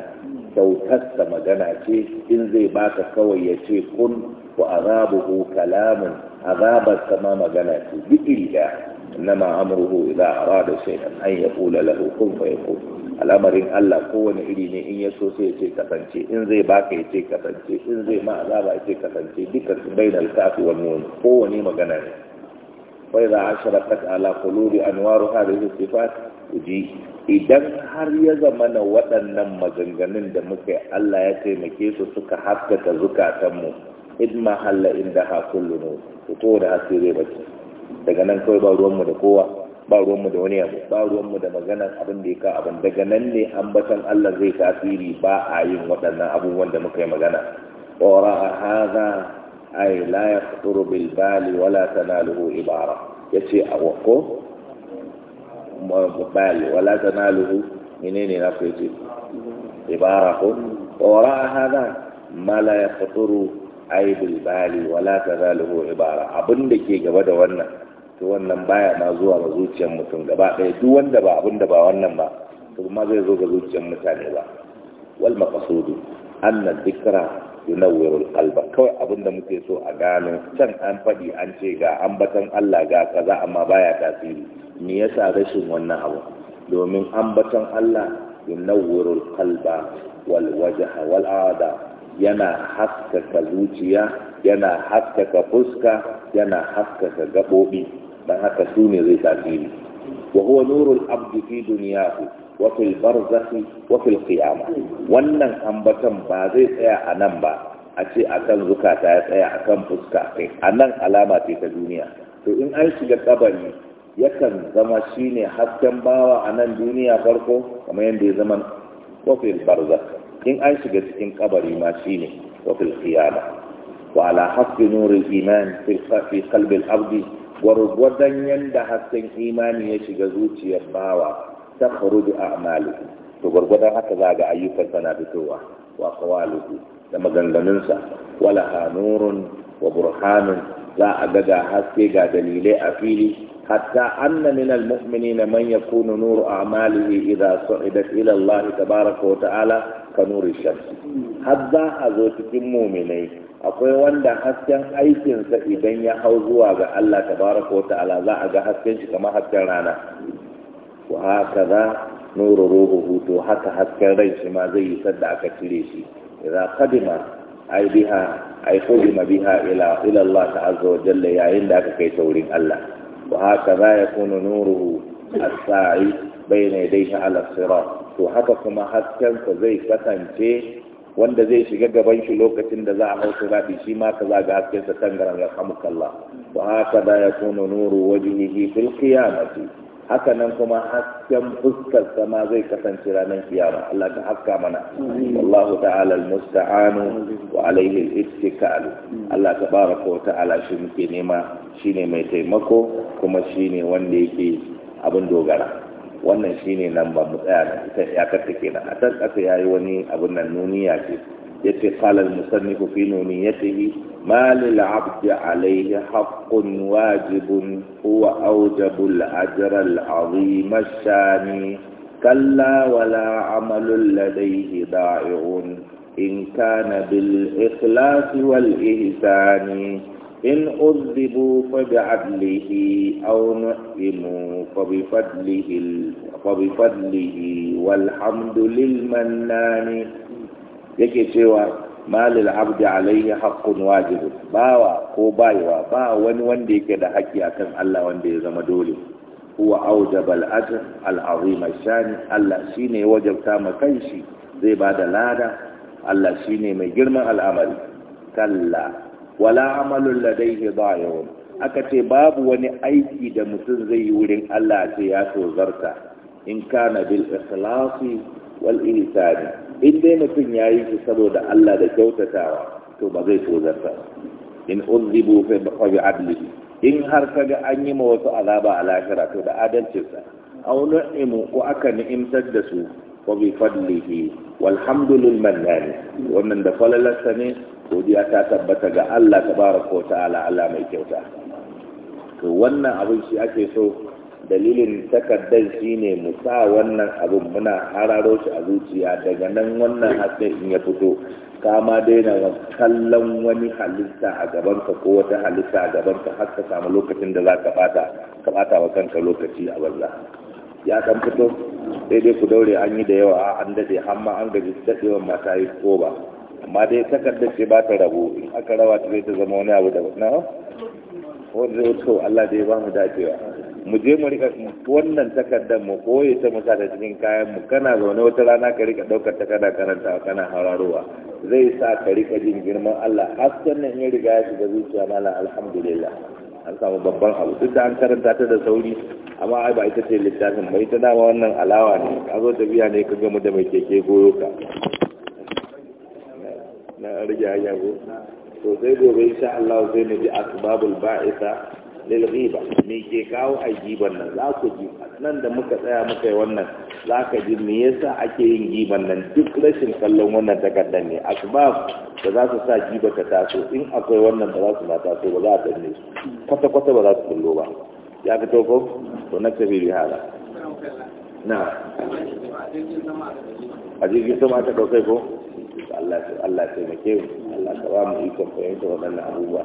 kyautarsa magana ce in zai baka kawai ya ce kun wa azabuhu kalamun azabar sama magana ce duk illa nama amruhu idza arada shay'an an yaqula lahu kun fayakun al'amarin Allah kowane iri ne in ya so sai ya ce kasance in zai baka ya ce kasance in zai ma azaba ya ce kasance duka bainal kafi wal nun kowane magana ne فإذا عشرقت على قلوب أنوار هذه الصفات uji idan har ya zamana waɗannan maganganun da muka yi Allah ya taimake su suka haskaka zukatanmu idma halla inda ha kullu nu fito da haske zai bace daga nan kawai ba ruwanmu da kowa ba ruwanmu da wani abu ba ruwanmu da maganar abin da ya ka abin daga nan ne ambatan Allah zai tasiri ba a yin waɗannan abubuwan da muka yi magana ora ra'a hadha ay la yaqduru bil bali wala tanaluhu ibara yace a wako bali wala tanaluhu menene na ku yace ibara ko wara hada ma la yaqduru ay bil bali wala tanaluhu ibara abinda ke gaba da wannan to wannan baya ma zuwa ga zuciyar mutum gaba ɗaya duk wanda ba abinda ba wannan ba to ma zai zo ga zuciyar mutane ba wal maqsudu anna dhikra yunawwirul qalba kawai abinda muke so a gano can an faɗi an ce ga ambatan Allah ga kaza amma baya tasiri me yasa rashin wannan abu domin ambatan Allah yunawwirul qalba wal wajha wal ada yana haskaka zuciya yana haskaka fuska yana haskaka gabobi dan haka su ne zai tasiri wa huwa nurul abdi fi dunyahu wa fil barzakhi wa wannan ambatan ba zai tsaya a nan ba a ce akan zukata ya tsaya akan fuska kai eh, a nan alama ce ta duniya to in an shiga kabari yakan zama shine hasken bawa a nan duniya farko kamar yadda ya zama wa fil in an shiga cikin kabari ma shine wa fil qiyamah wa ala hasbi iman fi qalbi al-abdi gwargwadon yadda hasken imani ya shiga zuciyar bawa تخرج أعماله تقول قد هكذا أيوك سنابتوا وأقواله لما قلنا ننسى ولها نور وبرهان لا أبدا حتى دليل أفيلي حتى أن من المؤمنين من يكون نور أعماله إذا صعدت إلى الله تبارك وتعالى كنور الشمس حتى أزوت المؤمنين akwai wanda حتى أي idan ya hau zuwa ga Allah tabaraka wa ta'ala za a ga wa haka za nuru ruhu to haka hasken rai shi ma zai yi sadda aka cire shi idza qadima ai biha ai qadima biha ila Allah ta'azza wa yayin da aka kai ta wurin Allah wa haka za yakunu nuruhu as-sa'i bayna yadayhi ala sirat to haka kuma hasken sa zai kasance wanda zai shiga gaban shi lokacin da za a hau sirati shi ma ka ga hasken sa tangaran rahmukallah wa haka za yakunu nuru wajhihi fil qiyamati haka nan kuma hasken fuskar sama zai kasance ranar kiyama Allah ka haska mana wallahu ta'ala almusta'anu wa alaihi al-ittikalu Allah tabaraka wa ta'ala shi muke nema shine mai taimako kuma shine wanda yake abin dogara wannan shine nan ba mu tsaya da ita iyakar ta kenan a can ƙasa yayi wani abin nan nuniya ce yace qala al-musannifu fi nuniyatihi ما للعبد عليه حق واجب هو أوجب الأجر العظيم الشاني كلا ولا عمل لديه ضائع إن كان بالإخلاص والإحسان إن أذبوا فبعدله أو نعموا فبفضله, فبفضله والحمد للمنان يكي cewa malil abdi alaihi haqqun wajibun bawa ko baiwa ba wani wanda yake da haƙi akan Allah wanda ya zama dole huwa aujaba al-ajr al-azim shani Allah shine ya wajabta ma kanshi zai bada lada Allah shine mai girman al'amari kalla wala amalul ladaihi da'irun aka ce babu wani aiki da mutum zai yi wurin Allah ce ya zarta. in kana bil ikhlasi wal ihsani in dai mutum ya yi shi saboda Allah da kyautatawa to ba zai tozarta in uzibu fi bi adli in har kaga an yi ma wasu azaba a lahira to da adalcinsa aw nu'imu ko aka ni'imtar da su wa bi fadlihi walhamdulil wannan da falalarsa ne godiya ta tabbata ga Allah tabaraka wa ta'ala Allah mai kyauta to wannan abin shi ake so dalilin takardar shine mu sa wannan abin muna hararo shi a zuciya daga nan wannan hasken in ya fito kama daina kallon wani halitta a gabanka ko wata halitta a gabanka har ka samu lokacin da za ka bata ka bata wa kanka lokaci a banza ya kan fito daidai dai ku daure an yi da yawa an dade amma an gaji dadewan mata yi ko ba amma dai takardar ce ba ta rabu in aka rawa ta zai ta zama wani abu da na wanda zai to Allah dai ba mu dacewa mu je mu rika wannan takardar mu koye ta mu ta cikin kayan mu kana zaune wata rana ka rika daukar takarda karanta kana hararowa zai sa ka rika jin girman Allah har sannan ya riga ya shiga zuciya mala alhamdulillah an samu babban abu duk da an karanta ta da sauri amma ai ba ita ce littafin mai ita dama wannan alawa ne ka zo tafiya ne ka gamu da mai keke goyo ka na rage hanya ko to sai gobe insha Allah sai mu ji asbabul ba'isa lilghiba me ke kawo a nan za ku ji nan da muka tsaya muka yi wannan za ka ji me yasa ake yin giban nan duk rashin kallon wannan takardar ne asbab da za su sa giba ta taso in akwai wannan da za su na taso ba za a danne su kwata kwata ba za su kullo ba ya ka ko to na tafi bi hala na a jirgin sama ta kawai ko Allah Allah taimake mu Allah ka ba mu ikon fahimta waɗannan abubuwa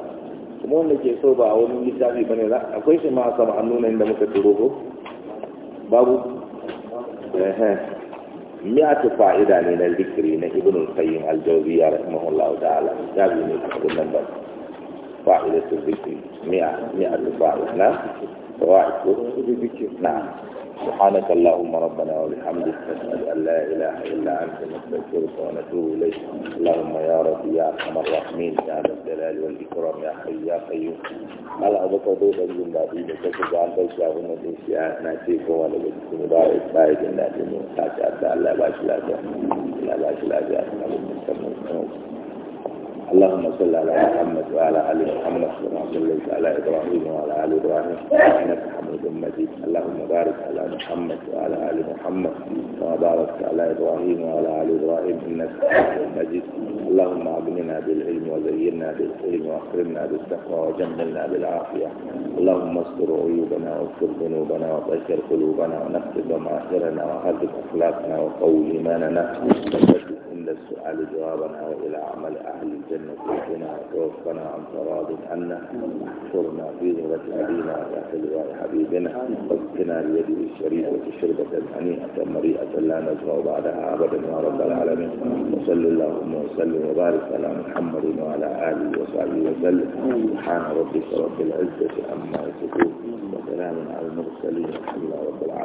kuma wanda ke so ba a wani littafi bane za akwai shi ma sama an nuna inda muka turo ko babu eh mi'atu fa'ida ne na zikiri na ibn al-qayyim al-jawziyya rahimahullahu ta'ala littafi ne abin nan ba a zikri mi'a mi'atu fa'ida na fa'idatu zikri na سبحانك اللهم ربنا وبحمدك نشهد أن لا إله إلا أنت نستغفرك ونتوب إليك اللهم يا رب يا أرحم الراحمين يا ذا الجلال والإكرام يا حي يا قيوم على أبوك دوت أنزل نبي نتوب عن بيش يا أبونا تنسيا ناتيك ولا بيش مبارك بارك النبي نتاك أبدا لا باش لا لا باش لا لا اللهم صل على محمد وعلى ال محمد كما صليت على ابراهيم وعلى ال ابراهيم انك حميد مجيد اللهم بارك على محمد وعلى ال محمد كما باركت على ابراهيم وعلى ال ابراهيم انك حميد مجيد اللهم اغننا بالعلم وزينا بالعلم واكرمنا بالتقوى وجملنا بالعافيه اللهم استر عيوبنا واستر ذنوبنا وطهر قلوبنا ونقض ضمائرنا وهذب اخلاقنا وقوي ايماننا عند السؤال جوابا أو إلى عمل أهل الجنة فينا توفنا عن تراض عنا احشرنا في ذرة أبينا وأهل لواء حبيبنا واسقنا بيده الشريفة شربة هنيئة مريئة لا نزمع بعدها أبدا يا رب العالمين وصل اللهم وسلم وبارك على محمد وعلى آله وصحبه وسلم سبحان ربك رب العزة عما يصفون وسلام على المرسلين الحمد لله رب العالمين